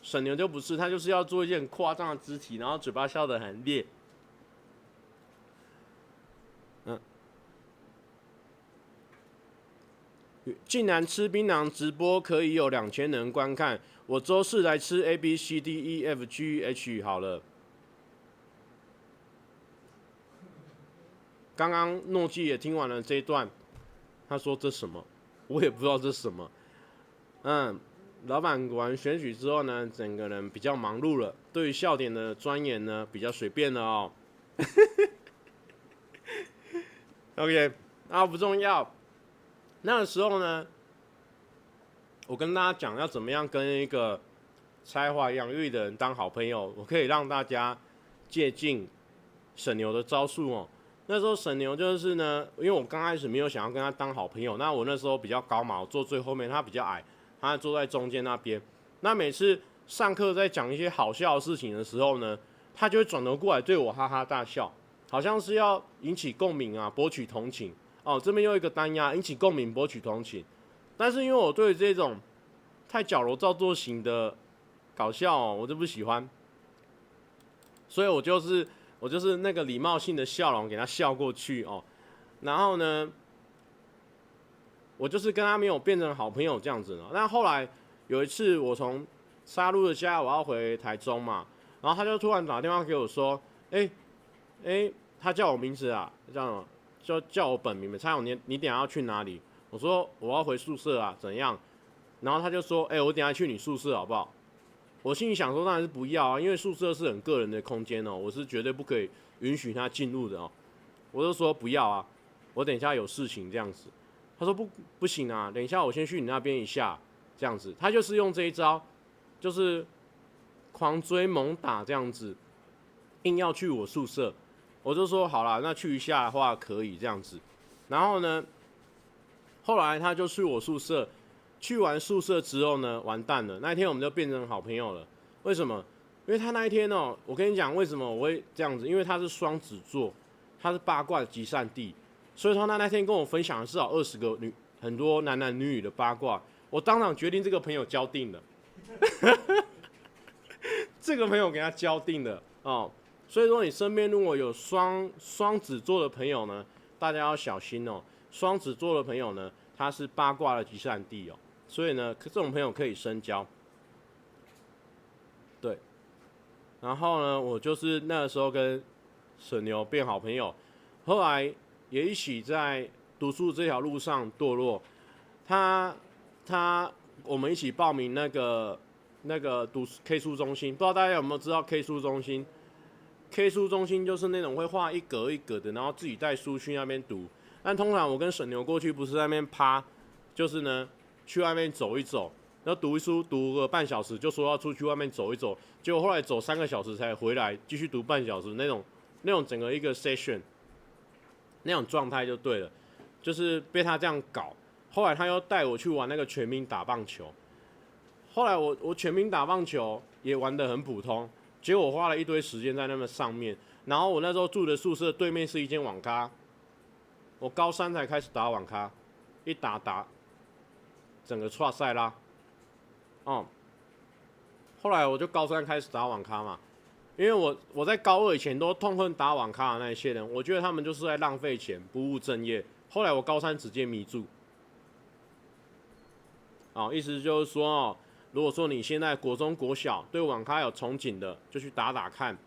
沈牛就不是，他就是要做一件誇張的肢體，然後嘴巴笑得很烈。嗯，竟然吃檳榔直播可以有兩千人觀看。我周四來吃 A B C D E F G H 好了。剛剛諾記也聽完了這一段，他說，這什麼？我也不知道這什麼。嗯，老板完選舉之後呢，整個人比較忙碌了，對於笑點的鑽研呢，比較隨便了哦。 OK，那、啊、不重要。那個時候呢？我跟大家講要怎麼樣跟一個才華洋溢的人當好朋友，我可以讓大家接近沈牛的招數哦。那時候沈牛就是呢，因為我剛開始沒有想要跟他當好朋友，那我那時候比較高嘛，我坐最後面，他比較矮，他坐在中間那邊。那每次上課在講一些好笑的事情的時候呢，他就會轉頭過來對我哈哈大笑，好像是要引起共鳴啊，博取同情哦、喔。這邊又一個單壓，引起共鳴，博取同情。但是因為我對這種太矯揉造作型的搞笑，哦，我就不喜歡，所以我就是我就是那個禮貌性的笑容給他笑過去哦，然後呢，我就是跟他沒有變成好朋友這樣子呢，但後來有一次，我從沙鹿的家我要回台中嘛，然後他就突然打電話給我說：“哎、欸、哎、欸，他叫我名字啊，叫就叫我本名嘛，蔡你你等下要去哪裡？”我說我要回宿舍啊，怎樣？然後他就說：“欸，我等下去你宿舍好不好？”我心裡想說，當然是不要啊，因為宿舍是很個人的空間哦，我是絕對不可以允許他進入的哦。我就說不要啊，我等一下有事情這樣子。他說不不行啊，等一下我先去你那邊一下這樣子。他就是用這一招，就是狂追猛打這樣子，硬要去我宿舍。我就說好啦，那去一下的話可以這樣子。然後呢，後來他就去我宿舍，去完宿舍之後呢，完蛋了。那一天我們就變成好朋友了。為什麼？因為他那一天哦，我跟你講，為什麼我會這樣子？因為他是雙子座，他是八卦的集散地，所以說他那天跟我分享了至少二十個女，很多男男女女的八卦。我當場決定這個朋友交定了， 這個朋友給他交定了哦。所以說你身邊如果有雙雙子座的朋友呢，大家要小心哦。雙子座的朋友呢，他是八卦的集散地哦，所以呢，這種朋友可以深交。對，然後呢，我就是那個時候跟沈牛變好朋友，後來也一起在讀書這條路上墮落。他他，我們一起報名那個那個讀 K 書中心，不知道大家有沒有知道 K 書中心？K 書中心就是那種會畫一格一格的，然後自己帶書去那邊讀。但通常我跟沈牛過去不是在那邊趴，就是呢去外面走一走，然後讀一書讀個半小時，就說要出去外面走一走，結果後來走三個小時才回來繼續讀半小時那種那種整個一個 session 那種狀態就對了，就是被他這樣搞。後來他又帶我去玩那個全民打棒球，後來我我全民打棒球也玩得很普通，結果我花了一堆時間在那個上面。然後我那時候住的宿舍的對面是一間網咖。我高三才開始打網咖，一打打，整個出賽啦，哦，後來我就高三開始打網咖嘛，因為我我在高二以前都痛恨打網咖的那一些人，我覺得他們就是在浪費錢，不務正業。後來我高三直接迷住，哦，意思就是說哦，如果說你現在國中、國小對網咖有憧憬的，就去打打看，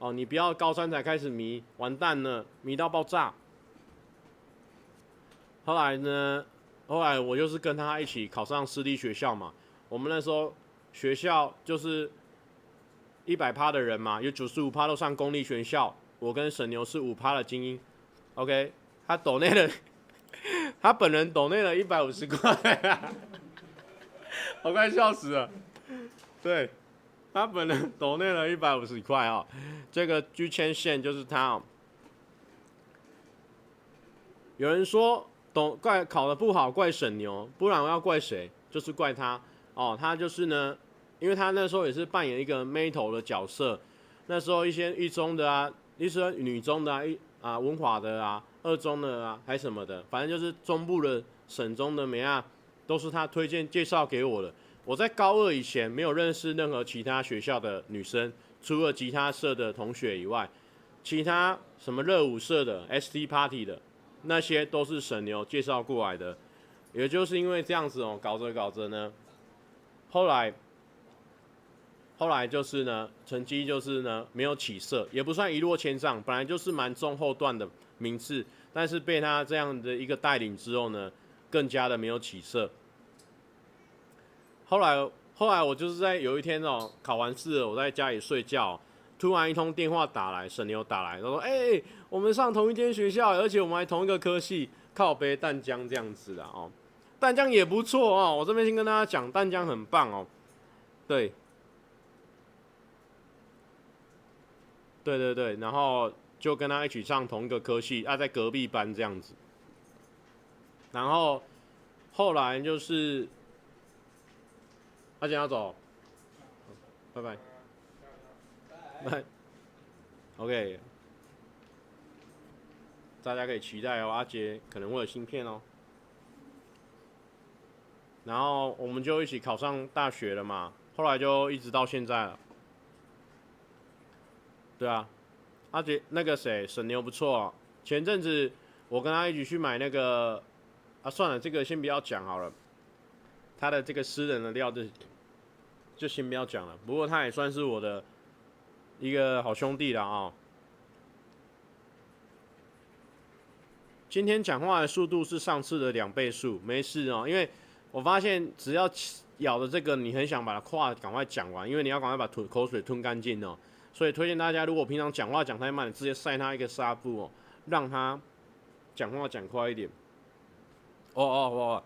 哦，你不要高三才開始迷，完蛋了，迷到爆炸。後來呢？後來我就是跟他一起考上私立學校嘛。我們那時候學校就是一百趴的人嘛，有九十五趴都上公立學校。我跟沈牛是五趴的精英。OK，他鬥內了， 他本人鬥內了一百五十塊， 我快笑死了。對，他本人鬥內了一百五十塊啊。這個拒簽線就是他哦。有人說。都怪考得不好，怪沈牛，不然我要怪誰？就是怪他哦，他就是呢，因為他那時候也是扮演一個妹頭的角色。那時候一些一中的啊，一些女中的啊，一啊文華的啊，二中的啊，還什麼的，反正就是中部的、省中的，美亞都是他推薦介紹給我的。我在高二以前沒有認識任何其他學校的女生，除了吉他社的同學以外，其他什麼熱舞社的、SD party 的。那些都是沈牛介紹過來的，也就是因為這樣子哦、喔，搞着搞着呢，後來，後來就是呢，成績就是呢，沒有起色，也不算一落千丈，本來就是蠻中後段的名次，但是被他這樣的一個帶領之後呢，更加的沒有起色。後來，後來我就是在有一天哦、喔，考完試了，我在家裡睡覺、喔。突然一通電話打來，沈牛打來，他說：“哎、欸，我們上同一間學校，而且我們還同一個科系，靠北蛋漿這樣子的哦、喔，蛋漿也不錯哦、喔。我這邊先跟大家講，蛋漿很棒哦、喔，對，對對對，然後就跟他一起上同一個科系，啊，在隔壁班這樣子，然後後來就是阿杰、啊、要走，拜拜。”那 ，OK，大家可以期待哦，阿杰可能會有新片哦。然後我們就一起考上大學了嘛，後來就一直到現在了。對啊，阿杰，那個誰，沈牛不錯啊，前陣子我跟他一起去買那個，啊算了，這個先不要講好了，他的這個私人的料子，就先不要講了。不過他也算是我的。一個好兄弟了啊！今天講話的速度是上次的兩倍速，沒事哦、喔，因為我發現只要咬的這個，你很想把它跨趕快講完，因為你要趕快把吐口水吞乾淨哦。所以推薦大家，如果平常講話講太慢，直接塞他一個紗布哦、喔，讓他講話講快一點。哦哦哦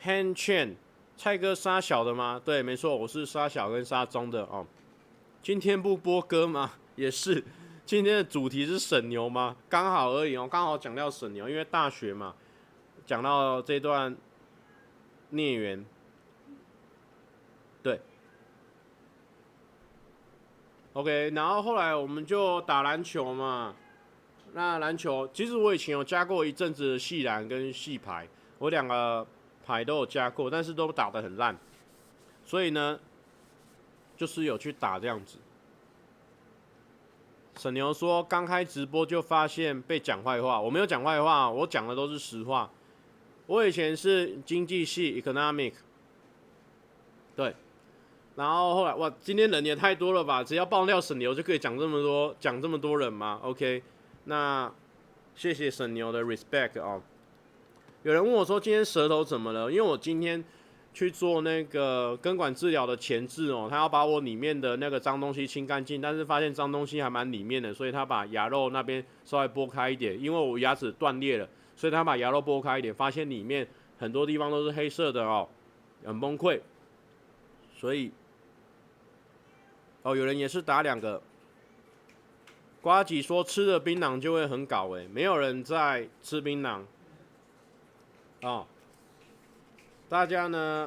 ，Hand Chain，蔡哥沙小的嗎？對，沒錯，我是沙小跟沙中的哦、喔。今天不播歌嗎？也是，今天的主題是沈牛嗎？剛好而已哦、喔，剛好講到沈牛，因為大學嘛，講到這段孽緣，對，OK，然後後來我們就打籃球嘛，那籃球其實我以前有加過一陣子系籃跟系排，我兩個牌都有加過，但是都打得很爛，所以呢。就是有去打這樣子。沈牛說：“剛開直播就發現被講壞話，我沒有講壞話、啊，我講的都是實話。我以前是經濟系 （economic），對。然後後來哇，今天人也太多了吧？只要爆料沈牛就可以講這麼多，講這麼多人嗎？OK，那謝謝沈牛的 respect 哦、啊。有人問我說今天舌頭怎麼了？因為我今天……去做那個根管治療的前置哦，他要把我裡面的那個髒東西清乾淨，但是發現髒東西還蠻裡面的，所以他把牙肉那邊稍微撥開一點，因為我牙齒斷裂了，所以他把牙肉撥開一點，發現裡面很多地方都是黑色的哦，很崩潰，所以，哦，有人也是打兩個。呱吉說吃了檳榔就會很搞哎、欸，沒有人在吃檳榔，啊、哦。大家呢，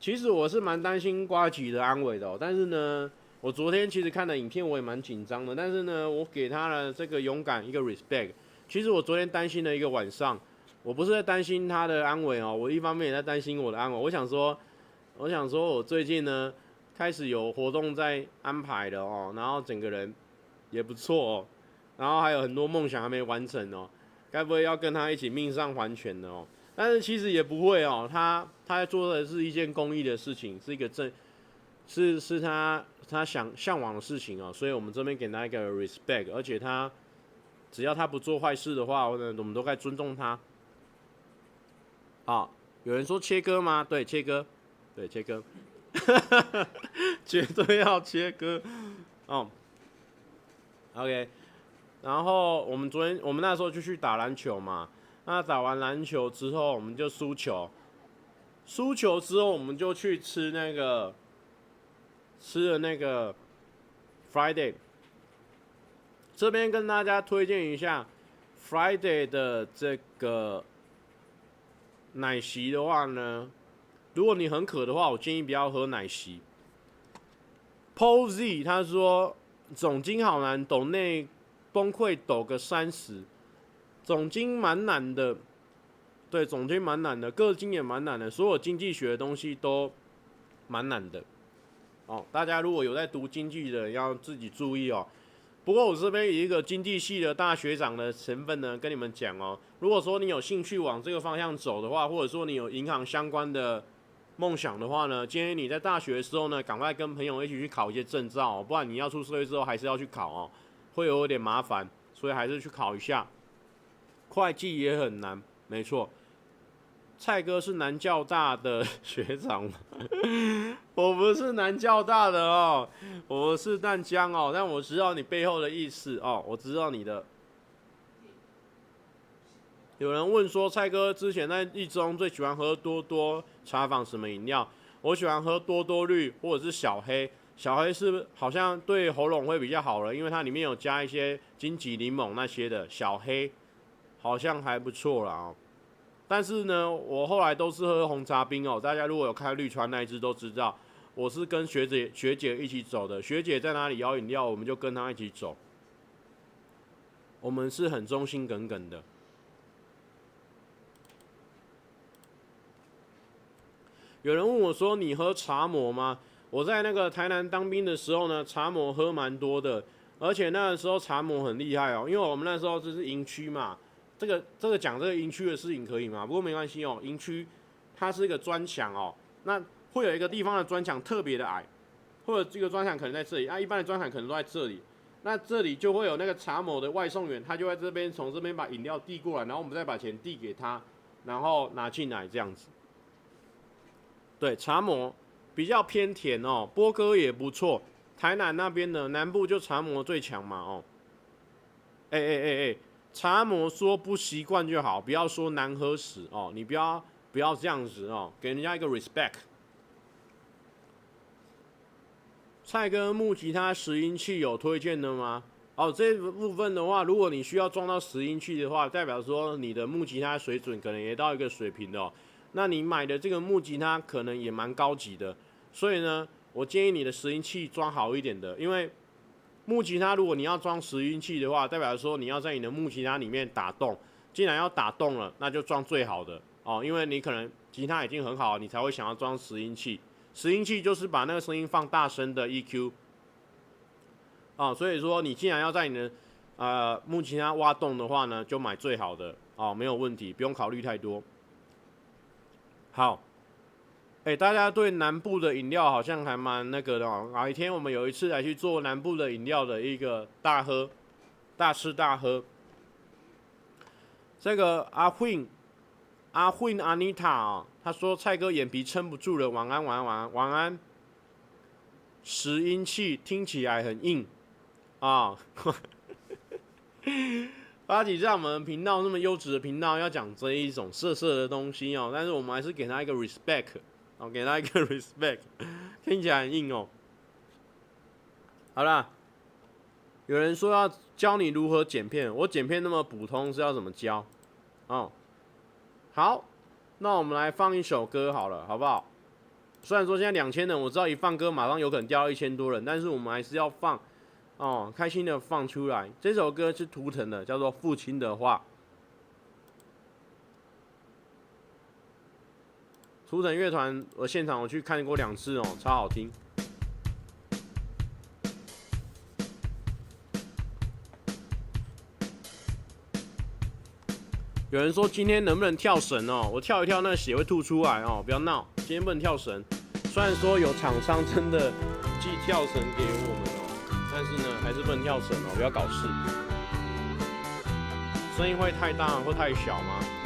其實我是蠻擔心呱吉的安危的喔，但是呢，我昨天其實看了影片，我也蠻緊張的。但是呢，我給他了這個勇敢一個 respect。其實我昨天擔心了一個晚上，我不是在擔心他的安危哦，我一方面也在擔心我的安危。我想說，我想說我最近呢，開始有活動在安排了哦，然後整個人也不錯哦，然後還有很多夢想還沒完成哦，該不會要跟他一起命喪黃泉的哦？但是其實也不會哦，他他做的是一件公益的事情，是一個正是是他他想向往的事情哦，所以我們這邊給他一個 respect，而且他只要他不做壞事的話，我們我們都該尊重他。好，哦，有人說切割嗎？對，切割，對，切割， 絕對要切割哦。OK，然後我們昨天我們那時候就去打籃球嘛。那、啊、打完籃球之後，我們就輸球，輸球之後，我們就去吃那個，吃的那個，Friday。這邊跟大家推薦一下 Friday 的這個奶昔的話呢，如果你很渴的話，我建議不要喝奶昔。Paul Z 他說總金好難懂，那崩潰抖個三十。總經蠻難的，對，總經蠻難的，個經也蠻難的，所有經濟學的東西都蠻難的。哦，大家如果有在讀經濟的，要自己注意哦。不過我這邊以一個經濟系的大學長的身份呢，跟你們講哦，如果說你有興趣往這個方向走的話，或者說你有銀行相關的夢想的話呢，建議你在大學的時候呢，趕快跟朋友一起去考一些證照哦，不然你要出社會之後還是要去考哦，會有點麻煩，所以還是去考一下。會計也很難，沒錯。蔡哥是南教大的學長， 我不是南教大的哦，我是淡江哦。但我知道你背後的意思哦，我知道你的。有人問說，蔡哥之前在一中最喜歡喝多多茶坊什麼飲料？我喜歡喝多多綠或者是小黑，小黑是好像對喉嚨會比較好了，因為它裡面有加一些金桔、檸檬那些的，小黑。好像還不錯啦、喔。但是呢，我後來都是喝紅茶冰哦、喔。大家如果有看綠川那一支都知道，我是跟學姐學姐一起走的。學姐在那裡搖飲料，我們就跟她一起走。我們是很忠心耿耿的。有人問我說：“你喝茶魔嗎？”我在那個台南當兵的時候呢，茶魔喝蠻多的，而且那個時候茶魔很厲害哦、喔，因為我們那時候就是營區嘛。這個這個講這個營區的事情可以嗎？不過沒關係哦、喔，營區它是一個磚牆哦，那會有一個地方的磚牆特別的矮，或者這個磚牆可能在這裡，那、啊、一般的磚牆可能都在這裡，那這裡就會有那個茶魔的外送員，他就在這邊從這邊把飲料遞過來，然後我們再把錢遞給他，然後拿進來這樣子。對，茶魔比較偏甜哦、喔，波哥也不錯，台南那邊的南部就茶魔最強嘛哦、喔。哎哎哎哎。茶魔說不習慣就好，不要說難喝死哦，你不要不要這樣子哦，給人家一個 respect。蔡哥木吉他拾音器有推薦的嗎？哦，這部分的話，如果你需要裝到拾音器的話，代表說你的木吉他水準可能也到一個水平的哦。那你買的這個木吉他可能也蠻高級的，所以呢，我建議你的拾音器裝好一點的，因為。木吉他，如果你要裝拾音器的話，代表說你要在你的木吉他裡面打洞。既然要打洞了，那就裝最好的哦，因為你可能吉他已經很好，你才會想要裝拾音器。拾音器就是把那個聲音放大聲的 EQ 啊、哦，所以說你既然要在你的呃木吉他挖洞的話呢，就買最好的哦，沒有問題，不用考慮太多。好。哎、欸，大家對南部的飲料好像還蠻那個的哦、喔。哪一天我們有一次來去做南部的飲料的一個大喝、大吃大喝。這個阿混、阿混、阿妮塔哦、喔，他說蔡哥眼皮撐不住了，晚安、晚安、晚安、晚安。拾音器聽起來很硬啊、哦。八幾在我們頻道那麼優質的頻道要講這一種色色的東西哦、喔，但是我們還是給他一個 respect。我給他一個 respect，聽起來很硬哦。好啦，有人說要教你如何剪片，我剪片那麼普通是要怎麼教？哦，好，那我們來放一首歌好了，好不好？雖然說現在兩千人，我知道一放歌馬上有可能掉一千多人，但是我們還是要放哦，開心的放出來。這首歌是圖騰的，叫做《父親的話》。圖騰樂團，我現場我去看過兩次哦、喔，超好聽。有人說今天能不能跳繩哦？我跳一跳，那個血會吐出來哦、喔，不要鬧。今天不能跳繩，雖然說有廠商真的寄跳繩給我們哦，但是呢，還是不能跳繩哦，不要搞事。聲音會太大或太小嗎？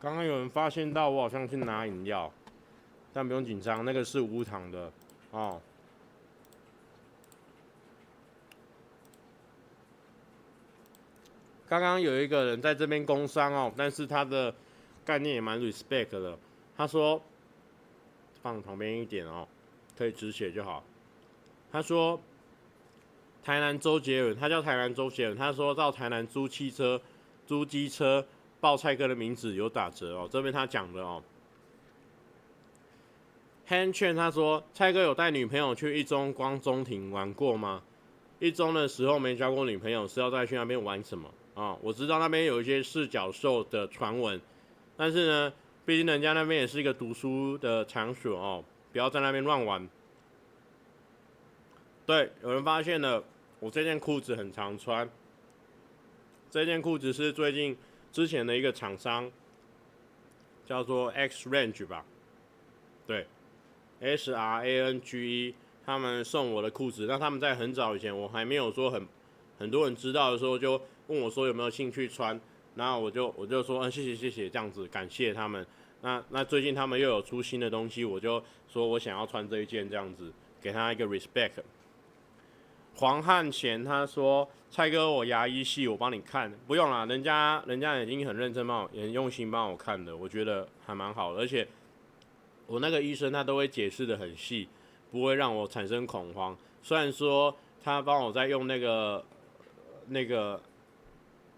剛剛有人發現到我好像去拿飲料，但不用緊張，那個是無糖的哦。剛剛有一個人在這邊工商哦，但是他的概念也蠻 respect 的，的。他說放旁邊一點哦，可以止血就好。他說台南周杰倫，他叫台南周杰倫，他說到台南租汽車、租機車。報蔡哥的名字有打折哦，這邊他講的哦。Han 勸他說：“蔡哥有帶女朋友去一中逛中庭玩過嗎？一中的時候沒交過女朋友，是要再去那邊玩什麼啊？哦，我知道那邊有一些視角獸的傳聞，但是呢，畢竟人家那邊也是一個讀書的場所哦，不要在那邊亂玩。”對，有人發現了，我這件褲子很常穿，這件褲子是最近。之前的一個廠商叫做 X Range 吧，對，S R A N G E，他們送我的褲子。那他們在很早以前，我還沒有說很很多人知道的時候，就問我說有沒有興趣穿。那我就我就說，嗯，謝謝謝謝，這樣子感謝他們。那那最近他們又有出新的東西，我就說我想要穿這一件這樣子，給他一個 respect。黃漢賢他說。蔡哥，我牙醫系，我幫你看。不用啦，人家人家已經很認真幫我，也很用心幫我看的，我覺得還蠻好的。而且我那個醫生他都會解釋得很細，不會讓我產生恐慌。雖然說他幫我在用那個那個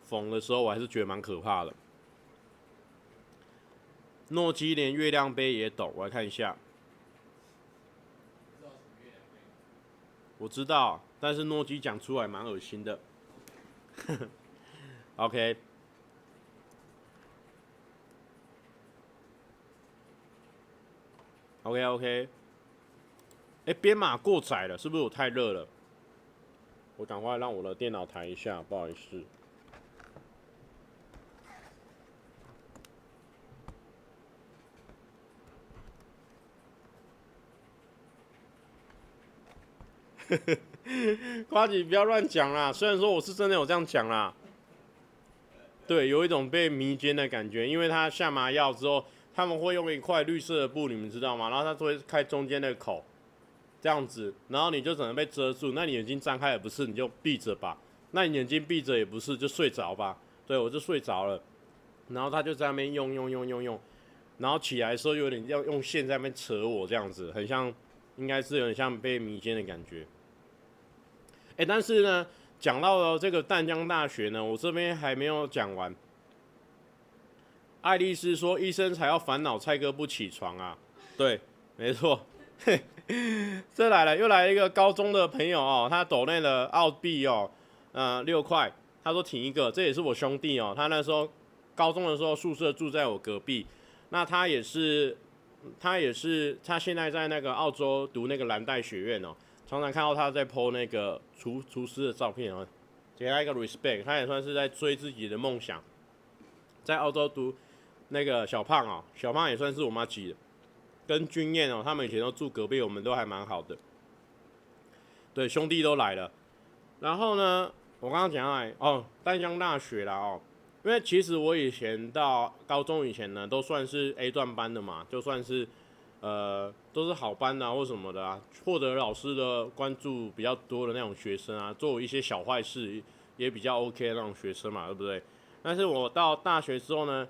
縫的時候，我還是覺得蠻可怕的。諾基連月亮杯也懂，我來看一下。我知道。但是諾基講出來蠻惡心的 ，OK，OK，OK，、okay. okay, okay. 哎、欸，編碼過載了，是不是我太熱了？我趕快讓我的電腦抬一下，不好意思。呵呵。誇你 不要亂講啦，雖然說我是真的有這樣講啦，對，有一種被迷奸的感覺，因為他下麻藥之後，他們會用一塊綠色的布，你們知道嗎？然後他就會開中間的口，這樣子，然後你就只能被遮住，那你眼睛張開也不是，你就閉着吧，那你眼睛閉着也不是，就睡着吧，對，我就睡着了，然後他就在那邊用用用用用，然後起來的時候有點要用線在那邊扯我這樣子，很像應該是有點像被迷奸的感覺。欸、但是呢，講到了這個淡江大學呢，我這邊還沒有講完。愛麗絲說：“醫生才要煩惱蔡哥不起床啊。”對，沒錯。這 來了，又來了一個高中的朋友哦，他抖內的澳幣哦，呃，六塊。他說挺一個，這也是我兄弟哦。他那時候高中的時候宿舍住在我隔壁，那他也是，他也是，他現在在那個澳洲讀那個藍帶學院哦。常常看到他在 po 那個廚廚師的照片哦，給他一個 respect，他也算是在追自己的夢想。在澳洲讀那個小胖啊、喔，小胖也算是我媽寄的，跟君彥哦、喔，他們以前都住隔壁，我們都還蠻好的。對，兄弟都來了。然後呢，我剛剛講到哦，淡江大學啦哦，因為其實我以前到高中以前呢，都算是 A 段班的嘛，就算是。呃，都是好班啊，或什麼的啊，獲得老師的關注比較多的那種學生啊，做一些小壞事也比較 OK 的那種學生嘛，對不對？但是我到大學之後呢，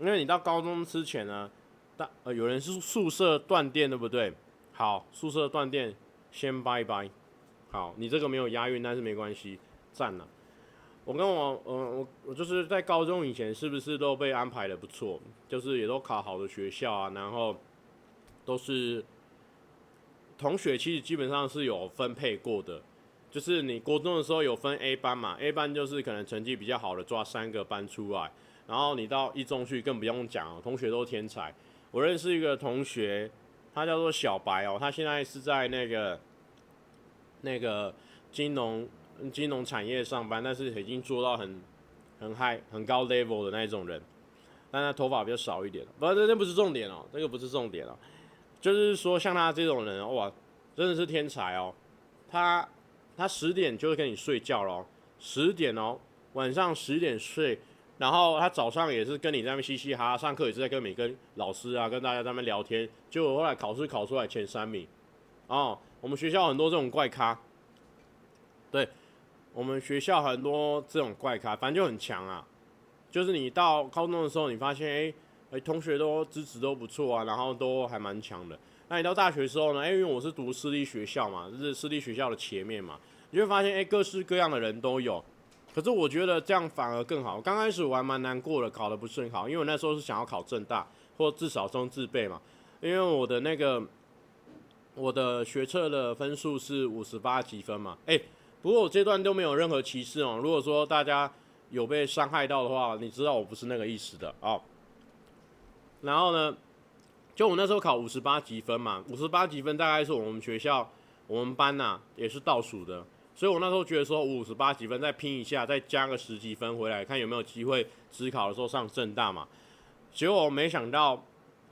因為你到高中之前呢，大呃有人是宿舍斷電，對不對？好，宿舍斷電，先拜拜。好，你這個沒有押韻，但是沒關係，贊了。我跟我嗯我、呃、我就是在高中以前是不是都被安排的不錯，就是也都考好的學校啊，然後。都是同學，其實基本上是有分配過的，就是你國中的時候有分 A 班嘛，A 班就是可能成績比較好的抓三個班出來，然後你到一中去更不用講哦，同學都是天才。我認識一個同學，他叫做小白哦，他現在是在那個那個金融金融產業上班，但是已經做到很很 high 很高 level 的那一種人，但他頭髮比較少一點，不，這那不是重點哦，這個不是重點哦。就是說，像他這種人，哇，真的是天才哦。他他十點就會跟你睡覺了、哦、十點哦，晚上十點睡，然後他早上也是跟你在那邊嘻嘻哈哈，上課也是在跟每個老師啊、跟大家在那邊聊天。結果後來考試考出來前三名，哦，我們學校很多這種怪咖。對，我們學校很多這種怪咖，反正就很強啊。就是你到高中的時候，你發現哎。誒誒、欸，同學都資質都不錯啊，然後都還蠻強的。那你到大學的時候呢、欸？因為我是讀私立學校嘛，是私立學校的前面嘛，你就發現誒、欸，各式各樣的人都有。可是我覺得這樣反而更好。剛開始我還蠻難過的，考得不是很好，因為我那時候是想要考政大或至少中字輩嘛。因為我的那個我的學測的分數是五十八級分嘛。誒、欸，不過我這段都沒有任何歧視哦、喔。如果說大家有被傷害到的話，你知道我不是那個意思的哦。然後呢，就我那時候考五十八級分嘛，五十八級分大概是我們學校我們班吶、啊、也是倒數的，所以我那時候覺得說五十八級分再拼一下，再加個十幾分回來，看有沒有機會指考的時候上政大嘛。結果我沒想到，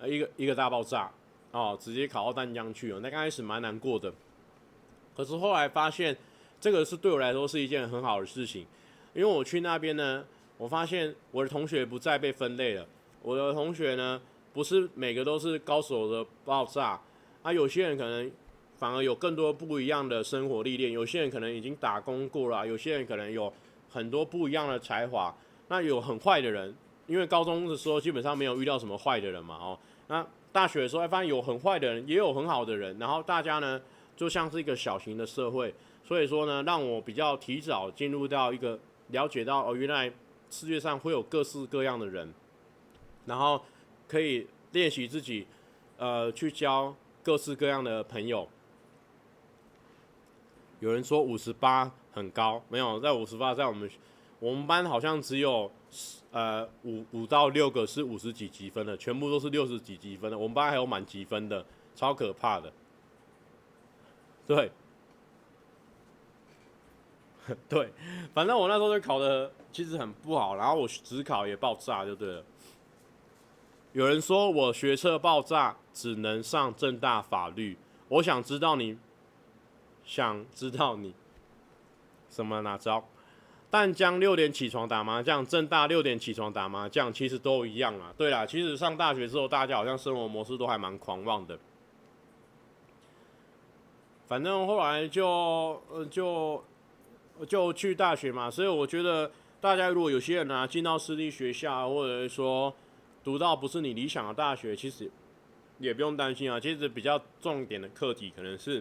呃一個一個大爆炸哦，直接考到淡江去了。那剛開始蠻難過的，可是後來發現這個是對我來說是一件很好的事情，因為我去那邊呢，我發現我的同學不再被分類了。我的同學呢，不是每個都是高手的爆炸啊。有些人可能反而有更多不一樣的生活歷練。有些人可能已經打工過了，有些人可能有很多不一樣的才華。那有很壞的人，因為高中的時候基本上沒有遇到什麼壞的人嘛哦。那大學的時候還發現、哎、有很壞的人，也有很好的人。然後大家呢就像是一個小型的社會，所以說呢，讓我比較提早進入到一個了解到哦，原來世界上會有各式各樣的人。然後可以練習自己，呃，去交各式各樣的朋友。有人說五十八很高，沒有，在五十八，在我們我們班好像只有呃五五到六個是五十幾級分的，全部都是六十幾級分的。我們班還有滿級分的，超可怕的。對，對，反正我那時候就考得其實很不好，然後我指考也爆炸就對了。有人說我學測爆炸，只能上政大法律。我想知道你，想知道你，什麼哪招？淡江六點起床打麻將，政大六點起床打麻將，其實都一樣啊。對啦，其實上大學之後，大家好像生活模式都還蠻狂妄的。反正後來就，就，就去大學嘛。所以我覺得，大家如果有些人啊，進到私立學校，或者說，讀到不是你理想的大學，其實也不用擔心啊。接着比較重點的課題，可能是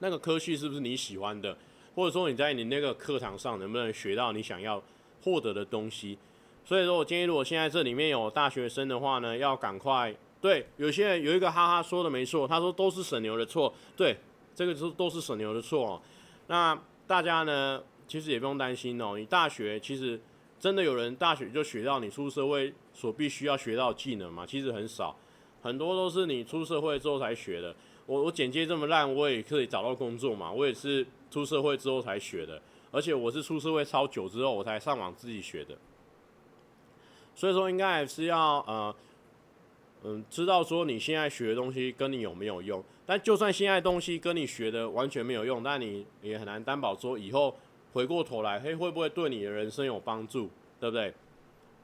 那個科系是不是你喜歡的，或者說你在你那個課堂上能不能學到你想要獲得的東西。所以說，我建議如果現在這裡面有大學生的話呢，要趕快。對，有些人有一個哈哈說的沒錯，他說都是沈牛的錯。對，這個就是都是沈牛的錯哦。那大家呢，其實也不用擔心哦，你大學其實。真的有人大學就學到你出社會所必須要學到的技能嗎？其實很少，很多都是你出社會之後才學的。我我剪接這麼爛，我也可以找到工作嘛？我也是出社會之後才學的，而且我是出社會超久之後我才上網自己學的。所以說，應該還是要呃嗯知道說你現在學的東西跟你有沒有用。但就算現在的東西跟你學的完全沒有用，但你也很難擔保說以後。回過頭來，嘿，會不會對你的人生有幫助？對不對？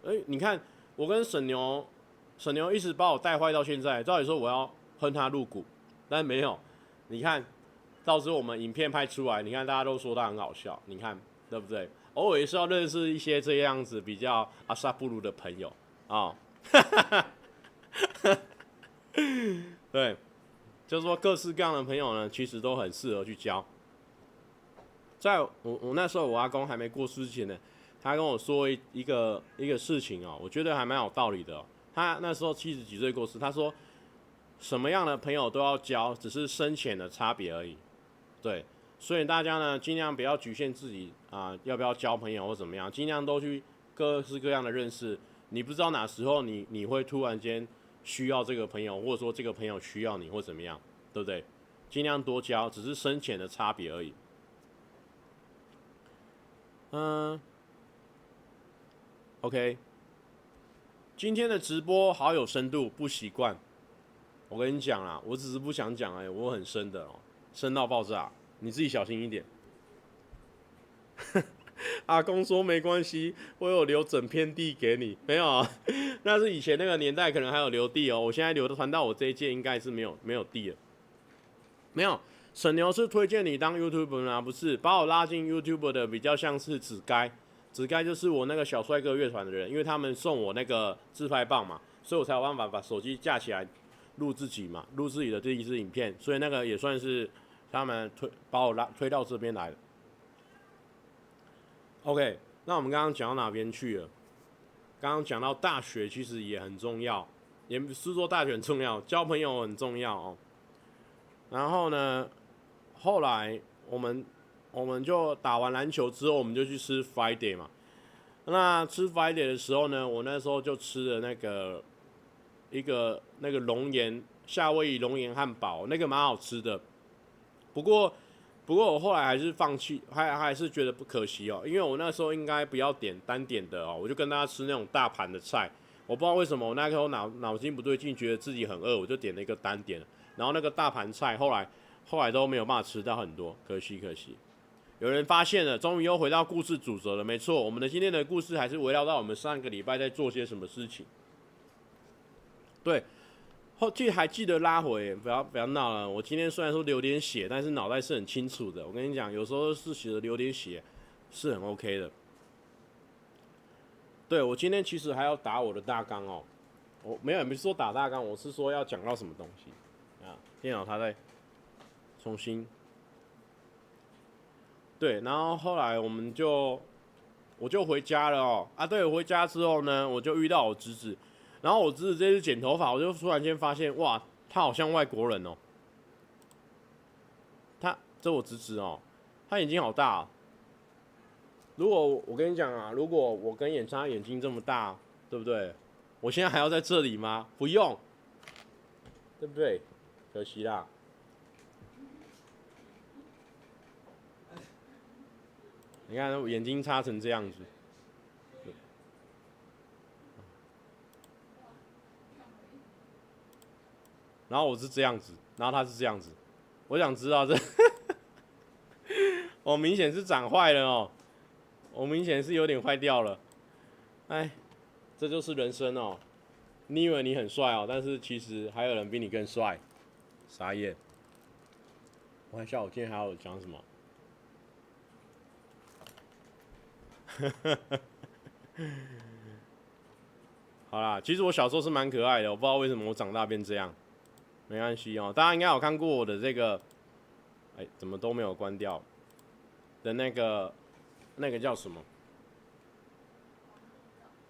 誒、欸，你看，我跟沈牛，沈牛一直把我帶壞到現在。照理說我要恨他入骨，但沒有。你看，到時候我們影片拍出來，你看大家都說他很好笑。你看，對不對？偶、哦、爾也是要認識一些這樣子比較阿薩布魯的朋友啊。哦、 對，就是說各式各樣的朋友呢，其實都很適合去交。在我我那時候，我阿公還沒過世之前呢，他跟我說一一個一個事情哦、喔，我覺得還蠻有道理的、喔。他那時候七十幾歲過世，他說什麼樣的朋友都要交，只是深淺的差別而已。對，所以大家呢，盡量不要局限自己啊、呃，要不要交朋友或怎麼樣，盡量都去各式各樣的認識。你不知道哪時候你你會突然間需要這個朋友，或者說這個朋友需要你或怎麼樣，對不對？盡量多交，只是深淺的差別而已。嗯，uh，OK，今天的直播好有深度，不習慣。我跟你講啦，我只是不想講，哎，我很深的哦，深到爆炸，你自己小心一點。 阿公說沒關係，我有留整片地給你，沒有啊？ 那是以前那個年代，可能還有留地哦。我現在留的傳到我這一屆，應該是沒有沒有地了，沒有。沈牛是推薦你當 YouTuber 嗎？不是把我拉進 YouTuber 的比較像是子該，子該就是我那個小帥哥樂團的人，因為他們送我那個自拍棒嘛，所以我才有辦法把手機架起來錄自己嘛，錄自己的第一支影片，所以那個也算是他們推把我拉推到這邊來了。OK，那我們剛剛講到哪邊去了？剛剛講到大學其實也很重要，也不是說大學很重要，交朋友很重要哦。然後呢？後來我們我們就打完籃球之後，我們就去吃 Friday 嘛。那吃 Friday 的時候呢，我那時候就吃了那個一個那個熔岩、夏威夷熔岩漢堡，那個蠻好吃的。不過不過我後來還是放棄，還還還是覺得不可惜哦，因為我那時候應該不要點單點的哦，我就跟大家吃那種大盤的菜。我不知道為什麼我那時候腦腦筋不對勁，覺得自己很餓，我就點了一個單點，然後那個大盤菜後來。後來都沒有辦法吃到很多，可惜可惜。有人發現了，終於又回到故事主軸了。沒錯，我們的今天的故事還是圍繞到我們上個禮拜在做些什麼事情。對，後期還記得拉回，不要不要鬧了。我今天雖然說流點血，但是腦袋是很清楚的。我跟你講，有時候是寫的流點血，是很 OK 的對。對我今天其實還要打我的大綱哦、喔，我沒有沒說打大綱，我是說要講到什麼東西啊？電腦它在。重新，對，然後後來我們就，我就回家了哦。啊，對，我回家之後呢，我就遇到我侄子，然後我侄子這次剪頭髮，我就突然間發現，哇，他好像外國人哦。他，這我侄子哦，他眼睛好大啊。如果我跟你講啊，如果我跟眼差眼睛這麼大，對不對？我現在還要在這裡嗎？不用，對不對？可惜啦。你看我眼睛插成這樣子，然後我是這樣子，然後他是這樣子，我想知道這，我、 哦、明顯是長壞了哦，我明顯是有點壞掉了，哎，這就是人生哦，你以為你很帥哦，但是其實還有人比你更帥，傻眼，看一下我今天還要講什麼。哈哈哈好啦，其實我小時候是蠻可愛的，我不知道為什麼我長大變這樣。沒關係哦，大家應該有看過我的這個，哎、欸，怎麼都沒有關掉的那個，那個叫什麼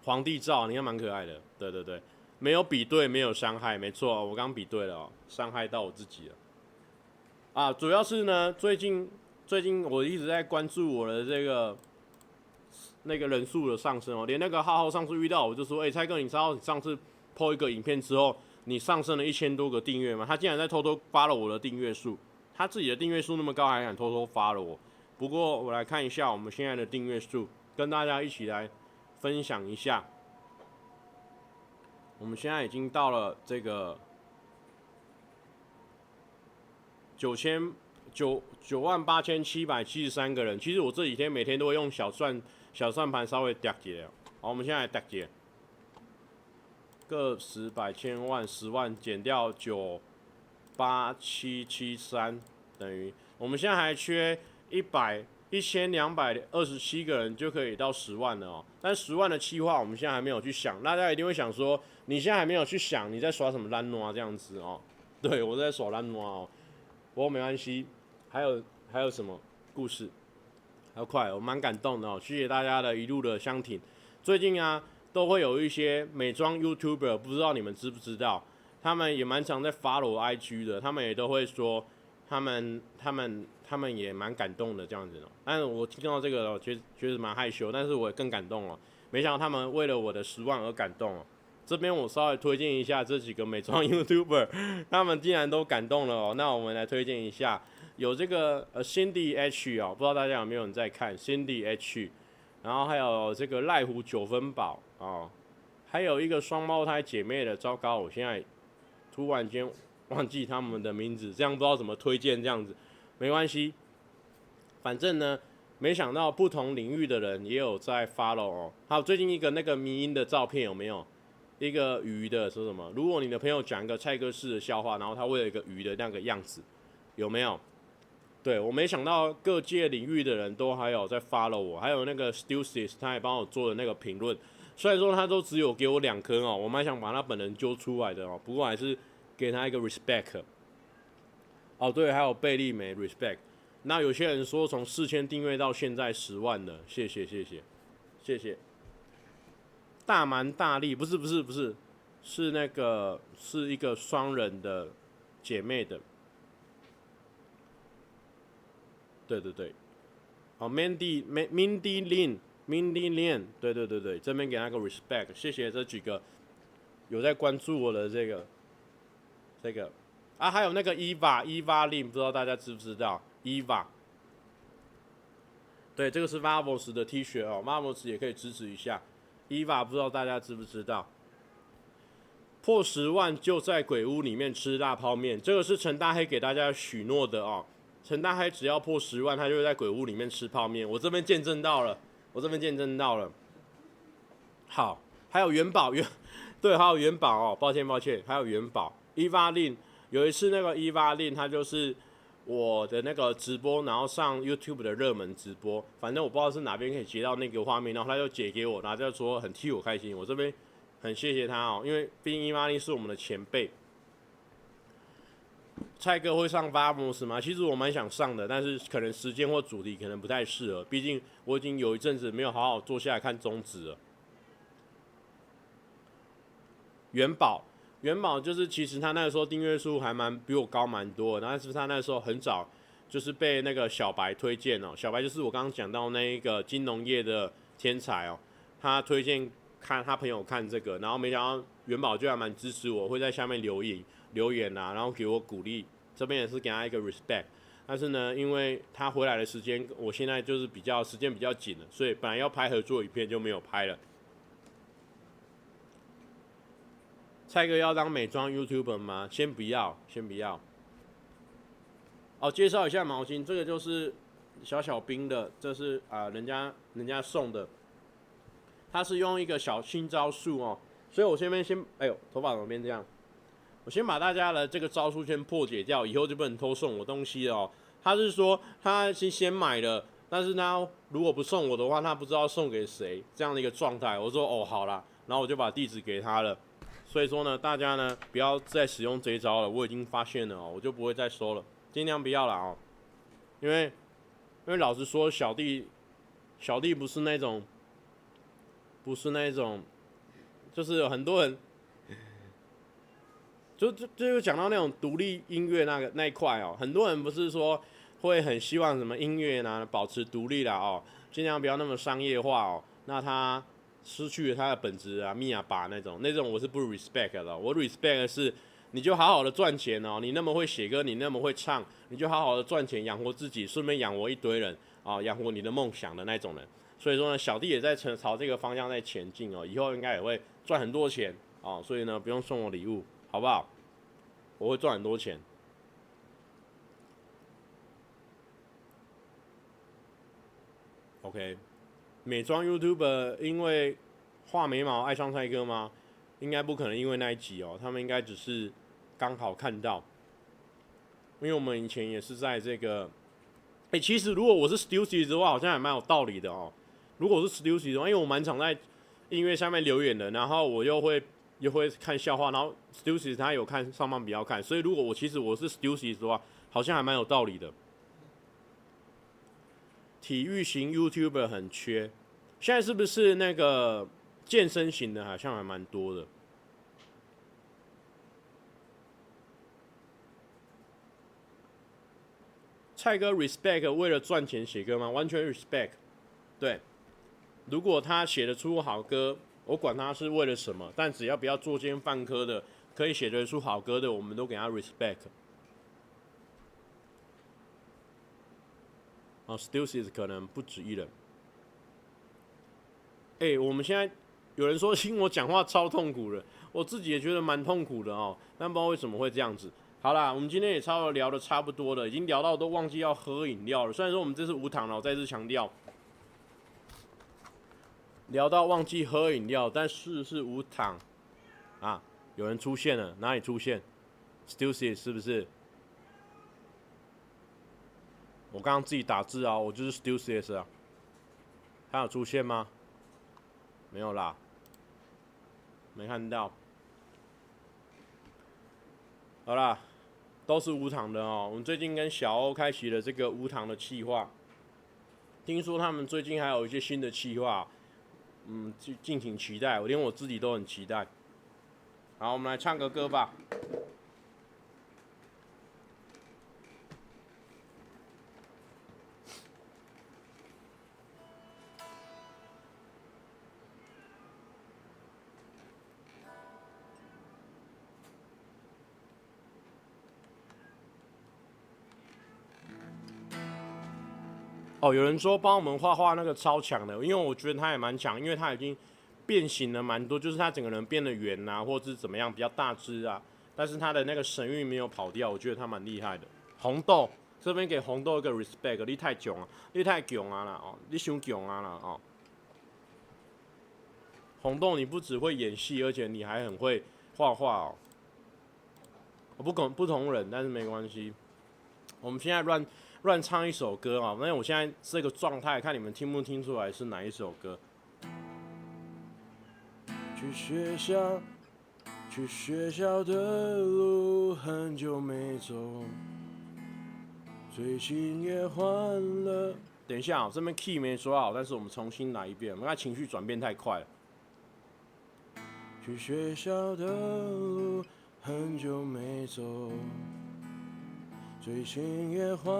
皇帝照？你看蠻可愛的。對對對，沒有比對，沒有傷害，沒錯，我剛比對了喔，傷害到我自己了。啊，主要是呢，最近最近我一直在關注我的這個。那個人數的上升哦、喔，連那個浩浩上次遇到，我就說：“誒、欸，蔡哥，你知道你上次 PO 一個影片之後，你上升了一千多個訂閱嗎？”他竟然在偷偷 follow 我的訂閱數，他自己的訂閱數那麼高，還敢偷偷 follow 我。不過我來看一下我們現在的訂閱數，跟大家一起來分享一下。我們現在已經到了這個九千。九九萬八千七百七十三個人，其實我這幾天每天都會用小算小算盤稍微疊一下。好，我們現在疊一下，個十百千萬十萬減掉九八七七三等於，我們現在還缺一百一千兩百二十七個人就可以到十萬了哦、喔。但十萬的企劃我們現在還沒有去想，大家一定會想說，你現在還沒有去想，你在耍什麼爛 n 啊這樣子哦、喔？對，我在耍爛 n 哦，不過沒關係。還有還有什麼故事？好快哦，我蠻感動的哦，謝謝大家的一路的相挺。最近啊，都會有一些美妝 YouTuber，不知道你們知不知道，他們也蠻常在 follow IG 的，他們也都會說，他們他們他們，他們也蠻感動的這樣子的。但是我聽到這個、哦，確覺得覺得蠻害羞，但是我也更感動哦。沒想到他們為了我的十萬而感動哦。這邊我稍微推薦一下這幾個美妝 YouTuber，他們竟然都感動了哦。那我們來推薦一下。有這個呃 Cindy H 哦，不知道大家有沒有人在看 Cindy H，然後還有這個賴湖九分飽哦，還有一個雙胞胎姐妹的，糟糕，我現在突然間忘記他們的名字，這樣不知道怎麼推薦這樣子，沒關係，反正呢，沒想到不同領域的人也有在 follow 哦。還有最近一個那個迷因的照片有沒有？一個魚的說什麼？如果你的朋友講一個蔡哥式的笑話，然後他餵了一個魚的那個樣子，有沒有？對，我沒想到各界領域的人都還有在 follow 我，還有那個 Studios，他也幫我做的那個評論，雖然說他都只有給我兩顆哦，我蠻想把他本人揪出來的哦，不過還是給他一個 respect。哦，對，還有貝利美 respect。那有些人說從四千訂閱到現在十萬的謝謝謝謝謝謝。大蠻大力不是不是不是，是那個是一個雙人的姐妹的。對對對，好，好 Mindy M Mindy Lin Mindy Lin，對對對對，這邊給他個 respect，謝謝這幾個有在關注我的這個這個啊，還有那個 Eva Eva Lin，不知道大家知不知道 Eva？對，這個是 v a r v o s 的 T 恤哦 v a r v o s 也可以支持一下 Eva，不知道大家知不知道？破十萬就在鬼屋裡面吃辣泡麵，這個是陳大黑給大家許諾的哦。陳大黑只要破十萬，他就會在鬼屋裡面吃泡面。我這邊見證到了，我這邊見證到了。好，還有元寶，元，對，還有元寶哦。抱歉，抱歉，還有元寶。伊巴林有一次那個伊巴林，他就是我的那個直播，然後上 YouTube 的熱門直播。反正我不知道是哪邊可以截到那個畫面，然後他就截給我，然後就說很替我開心。我這邊很謝謝他哦，因為畢竟伊巴林是我們的前輩。蔡哥會上發姆斯嗎？其實我蠻想上的，但是可能時間或主題可能不太適合。畢竟我已經有一陣子沒有好好坐下來看中指了元。元寶，元寶就是其實他那個時候訂閱數還蠻比我高蠻多，然後是不是他那時候很早就是被那個小白推薦哦、喔？小白就是我剛剛講到那一個金融業的天才哦、喔，他推薦看他朋友看這個，然後沒想到元寶就還蠻支持我，會在下面留言留言吶，然後給我鼓勵。這邊也是給他一個 respect，但是呢，因為他回來的時間，我現在就是比較時間比較緊了，所以本來要拍合作影片，就沒有拍了。蔡哥要當美妝 YouTuber 嗎？先不要，先不要。哦，介紹一下毛巾，這個就是小小兵的，這是啊、呃，人家人家送的。他是用一個小新招數哦，所以我這邊先，哎呦，頭髮怎麼變這樣？我先把大家的這個招數先破解掉，以後就不能偷送我東西了喔。他是說他先先買了，但是呢，如果不送我的話，他不知道送給誰這樣的一個狀態。我說哦，好啦。然後我就把地址給他了。所以說呢，大家呢不要再使用這一招了，我已經發現了哦、喔，我就不會再說了，盡量不要了哦。因為因為老實說，小弟小弟不是那種不是那種，就是有很多人。就就就是講到那種獨立音樂那個那一塊哦、喔，很多人不是說會很希望什麼音樂呢保持獨立的哦、喔，盡量不要那麼商業化哦、喔。那他失去了他的本質啊，密啊吧那種那種我是不 respect 的，喔，我 respect 的是你就好好的賺錢哦、喔，你那麼會寫歌，你那麼會唱，你就好好的賺錢養活自己，順便養活一堆人啊，養活你的夢想的那種人。所以說呢，小弟也在朝這個方向在前進哦、喔，以後應該也會賺很多錢哦、喔。所以呢不用送我禮物，好不好？我會賺很多錢。OK，美妝 YouTuber 因為畫眉毛愛上帥哥嗎？應該不可能，因為那一集哦、喔，他們應該只是剛好看到。因為我們以前也是在這個、欸，哎，其實如果我是 Stussy 的話，好像也蠻有道理的哦、喔。如果是 Stussy 的話，因、欸、為我蠻常在音樂下面留言的，然後我又會。又會看笑話，然後 Stussy 他有看上方比較看，所以如果我其實我是 Stussy 的話，好像還蠻有道理的。體育型 YouTuber 很缺，現在是不是那個健身型的好像還蠻多的？蔡哥 Respect 為了賺錢寫歌嗎？完全 Respect，對，如果他寫得出好歌。我管他是為了什麼，但只要不要作奸犯科的，可以寫得出好歌的，我們都給他 respect。啊、oh, Stillness 可能不止一人。哎、欸，我們現在有人說聽我講話超痛苦的，我自己也覺得蠻痛苦的哦，但不知道為什麼會這樣子。好啦，我們今天也差不多聊的差不多了，已經聊到都忘記要喝飲料了。雖然說我們這次無糖了，我再次強調。聊到忘記喝飲料，但四是，是無糖啊！有人出現了，哪裡出現 s t u s s s 是不是？我剛剛自己打字啊，我就是 s t u s e s 啊。他有出現嗎？沒有啦，沒看到。好啦，都是無糖的哦、喔。我們最近跟小歐開啟了這個無糖的計劃，聽說他們最近還有一些新的計劃。嗯，盡敬請期待，我連我自己都很期待。好，我們來唱個歌吧。哦，有人說幫我們畫畫那個超強的，因為我覺得他也蠻強，因為他已經變形了蠻多，就是他整個人變得圓啊，或者是怎麼樣比較大隻啊，但是他的那個神韻沒有跑掉，我覺得他蠻厲害的。紅豆這邊給紅豆一個 respect，你太囧了，你太囧啊了哦、喔，你凶囧啊了哦、喔。紅豆你不只會演戲，而且你還很會畫畫哦。我不懂不同人，但是沒關係，我們現在亂。亂唱一首歌啊！那我現在這個狀態，看你們聽不聽出來是哪一首歌？去學校，去學校的路很久沒走，最近也換了。等一下，喔，啊，這邊 key 沒說好，但是我們重新來一遍。我們剛才情緒轉變太快了。去學校的路很久沒走。最近也換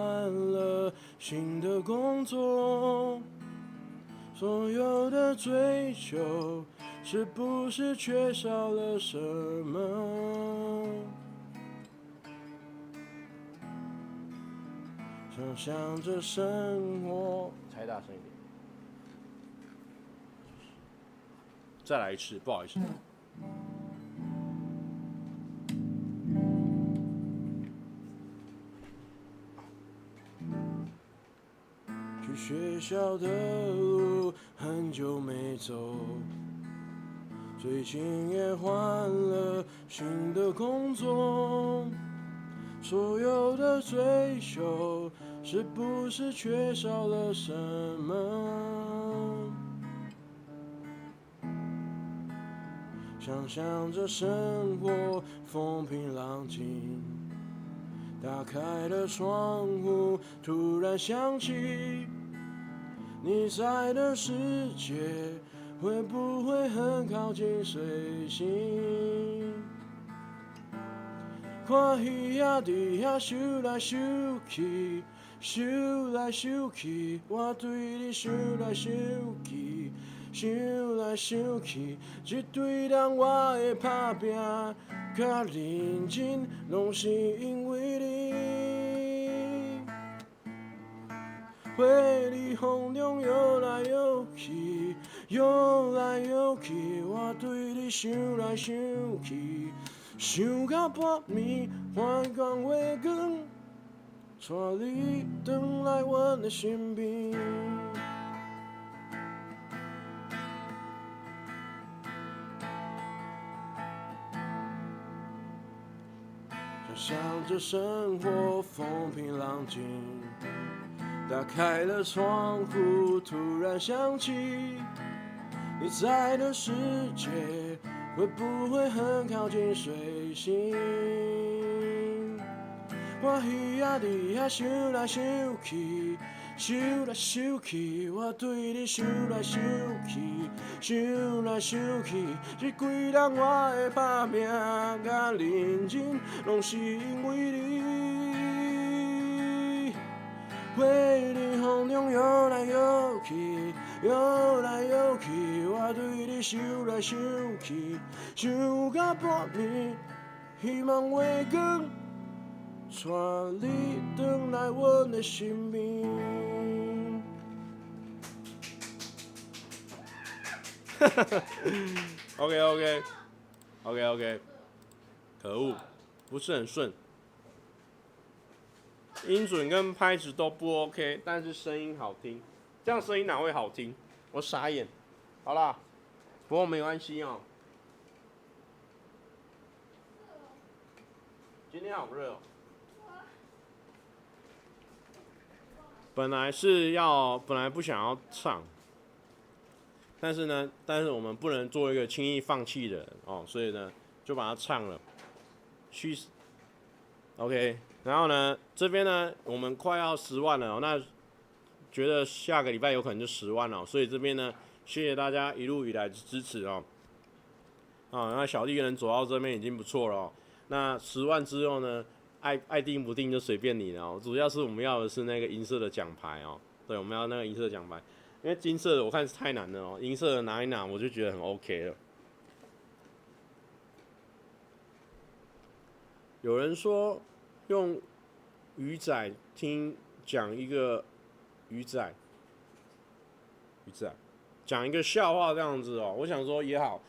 了新的工作，所有的追求是不是缺少了什麼？想象着生活，再大聲一點，再來一次，不好意思。學校的路很久沒走，最近也換了新的工作，所有的追求是不是缺少了什麼？想象着生活風平浪靜，打開了窗戶，突然想起。你在的世界會不會很靠近水星？看魚仔在那，游來游去，游來游去，我對你想來想去，想來想去，去，這對人我的打拼較認真，攏是因為你。花在風中搖來搖去，搖來搖去，我對你想來想去，想到半暝，希望月光，帶你回來我的身邊。想象着生活風平浪靜。打開了窗戶，突然想起你在的世界會不會很靠近水星？看魚仔在那游來游去，游來游去，我對你想來想去，想來想去，這幾年我的打拼跟認真，攏是因為你。花在風中搖來搖去，搖來搖去，我對你想來想去，想到半夜，希望月光帶你回來我的身邊。哈哈哈，OK OK OK OK， 可惡，不是很順。音準跟拍子都不 OK，但是聲音好聽，這樣聲音哪會好聽？我傻眼。好了，不過沒關係哦、喔。熱了今天好熱哦、喔。哇本來是要，本來不想要唱，但是呢，但是我們不能做一個輕易放棄的人哦，所以呢，就把它唱了。去，OK S、欸。然後呢，這邊呢，我們快要十萬了哦、喔。那覺得下個禮拜有可能就十萬了、喔，所以這邊呢，謝謝大家一路以來的支持哦、喔。啊，那小弟能走到這邊已經不錯了、喔。那十萬之後呢，愛愛定不定就隨便你了、喔。主要是我們要的是那個銀色的獎牌哦、喔。對，我們要那個銀色獎牌，因為金色的我看是太難了哦、喔。銀色的拿一拿，我就覺得很 OK 了。有人說。用魚仔聽講一個魚仔，魚仔講一個笑話這樣子哦、喔。我想說也好，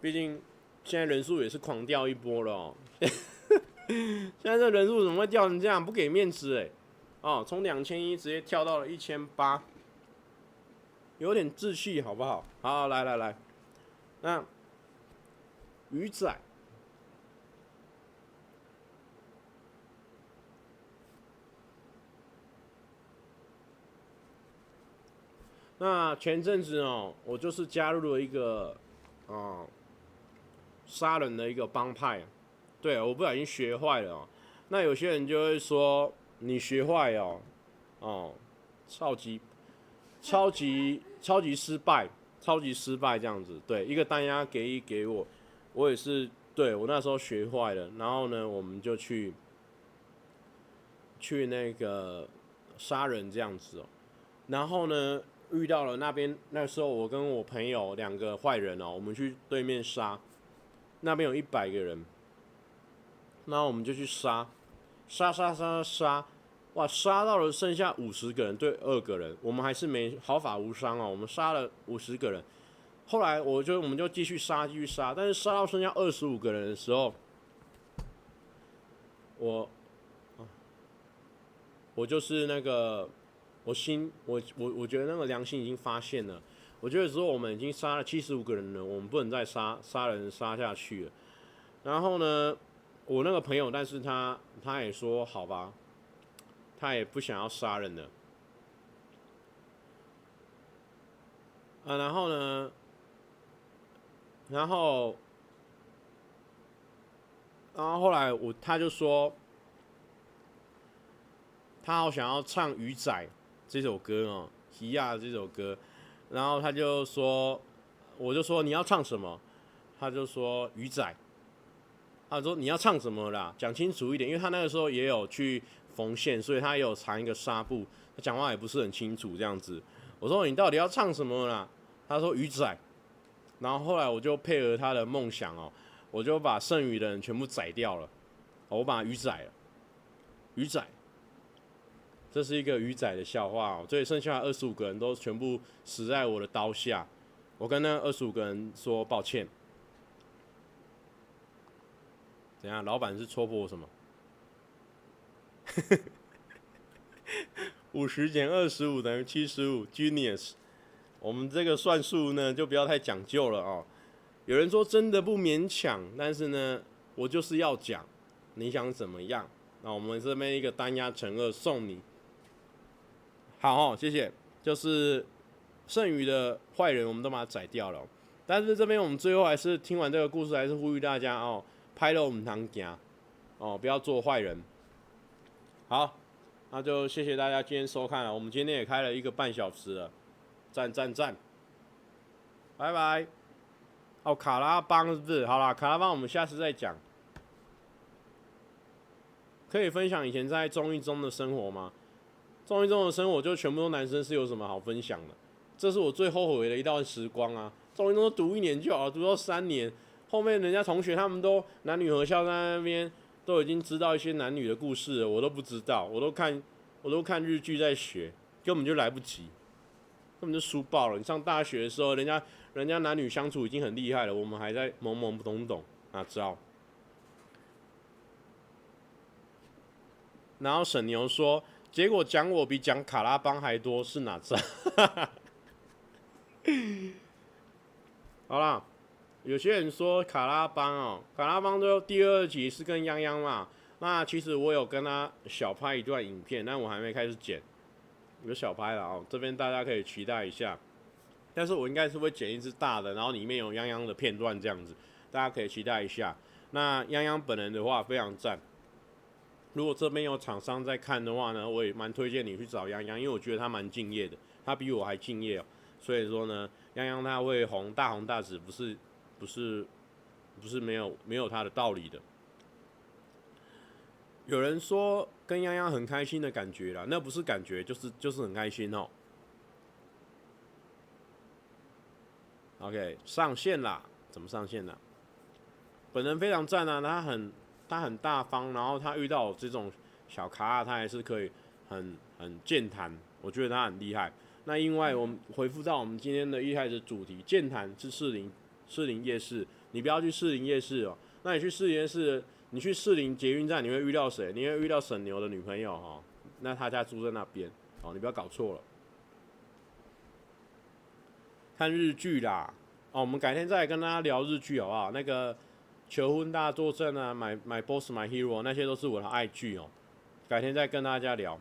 畢竟現在人數也是狂掉一波了、喔。現在這人數怎麼會掉成這樣，不給面子哎！哦，從兩千一直接跳到了一千八，有點秩序好不好？好，來來來，那魚仔。那前陣子哦，我就是加入了一個，哦、嗯，殺人的一個幫派，對，我不小心學壞了、哦。那有些人就會說你學壞哦，哦、嗯，超級，超級，超級失敗，超級失敗這樣子。對，一個單押給一給我，我也是，對，我那時候學壞了。然後呢，我們就去，去那個殺人這樣子哦，然後呢。遇到了那邊那時候，我跟我朋友兩個壞人哦，我們去對面殺，那邊有一百個人，那我們就去殺，殺殺殺殺殺，哇，殺到了剩下五十個人對二個人，我們還是沒毫髮無傷哦，我們殺了五十個人，後來我就我們就繼續殺繼續殺，但是殺到剩下二十五個人的時候，我，我就是那個。我心，我我我覺得那個良心已經發現了。我覺得，說我們已經殺了七十五個人了，我們不能再殺殺人殺下去了。然後呢，我那個朋友，但是他他也說，好吧，他也不想要殺人了。啊，然後呢，然後，然後後來我他就說，他好想要唱魚仔。這首歌哦，皮亞這首歌，然後他就說，我就說你要唱什麼？他就說魚仔，他說你要唱什麼啦，講清楚一點，因為他那個時候也有去縫線，所以他也有纏一個紗布，他講話也不是很清楚這樣子。我說你到底要唱什麼啦？他說魚仔，然後後來我就配合他的夢想哦，我就把剩餘的人全部宰掉了，我把魚宰了，魚仔。這是一個魚仔的笑話、喔，所以剩下二十五個人都全部死在我的刀下。我跟那二十五個人說抱歉，等下？老板是戳破我什麼？五十減二十五等於七十五，Genius。我們這個算數呢，就不要太講究了哦、喔。有人說真的不勉強，但是呢，我就是要講，你想怎麼樣？那我們這邊一個單押乘二送你。好，謝謝。就是剩餘的壞人，我們都把它宰掉了、喔。但是這邊我們最後還是聽完這個故事，還是呼籲大家哦，拍了我們堂家哦，不要做壞人。好，那就謝謝大家今天收看了、喔。我們今天也開了一個半小時了，讚讚讚，拜拜。哦，卡拉邦是不是？好啦，卡拉邦我們下次再講。可以分享以前在綜藝中的生活嗎？中一中的生活就全部都男生，是有什麼好分享的？這是我最後悔的一段時光啊！中一中讀一年就好，讀到三年，後面人家同學他們都男女合校在那邊，都已經知道一些男女的故事了，我都不知道，我都看，我都看日劇在學，根本就來不及，根本就輸爆了。你上大學的時候，人家人家男女相處已經很厲害了，我們還在懵懵懂懂，哪知道？然後沈牛說。結果講我比講卡拉邦還多，是哪隻？ 好啦，有些人說卡拉邦哦、喔，卡拉邦的第二集是跟泱泱嘛。那其實我有跟他小拍一段影片，但我還沒開始剪，有小拍了哦、喔。這邊大家可以期待一下，但是我應該是會剪一支大的，然後裡面有泱泱的片段這樣子，大家可以期待一下。那泱泱本人的話非常讚。如果這邊有廠商在看的話呢，我也蠻推薦你去找洋洋，因為我覺得他蠻敬業的，他比我還敬業哦。所以說呢，洋洋他會紅大紅大紫，不是不是不是沒有沒有他的道理的。有人說跟洋洋很開心的感覺了，那不是感覺，就是就是很開心哦。OK 上線啦，怎麼上線啦？本人非常讚啊，他很。他很大方，然後他遇到這種小卡，他還是可以很很健談，我覺得他很厲害。那另外，我們回復到我們今天的一開始主題，健談是士林士林夜市，你不要去士林夜市哦。那你去士林夜市，你去士林捷運站你，你會遇到誰？你會遇到沈牛的女朋友哈、哦。那他家住在那邊哦，你不要搞錯了。看日劇啦，哦，我們改天再跟大家聊日劇好不好？那個。求婚大作戰啊 My, My Boss, My Hero 那些都是我的愛劇哦，改天再跟大家聊。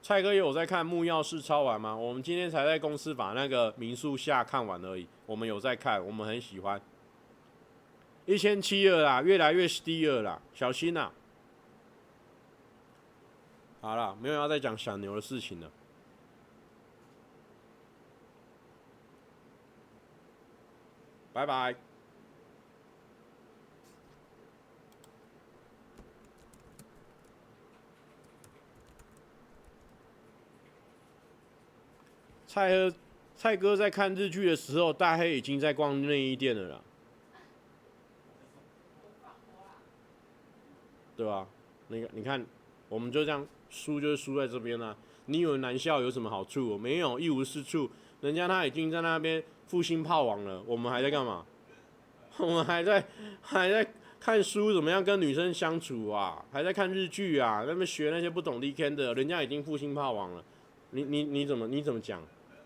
蔡哥也有在看《木曜4超玩》嗎？我們今天才在公司把那個民宿下看完而已。我們有在看，我們很喜歡。一千七了啦，越來越低了啦，小心啊。好啦，好了，沒有要再講小牛的事情了。拜拜。蔡哥，蔡哥在看日劇的時候，大黑已經在逛內衣店了啦，對吧、啊？那個，你看，我們就這樣輸，書就是輸在這邊了、啊。你以為男校有什麼好處？沒有，一無是處。人家他已經在那邊復興炮王了，我們還在幹嘛？我們還在還在看書，怎麼樣跟女生相處啊？還在看日劇啊？那邊學那些不懂的 c 的，人家已經復興炮王了。你你你怎麼你怎麼講？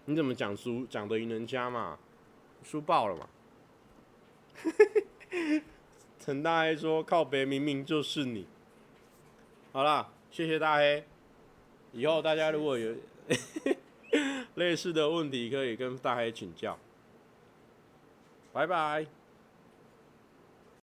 你怎麼講輸講的贏人家嘛？輸爆了嘛？陳 大黑說靠北，明明就是你。好啦，謝謝大黑。以後大家如果有 類似的問題，可以跟大黑請教。拜拜。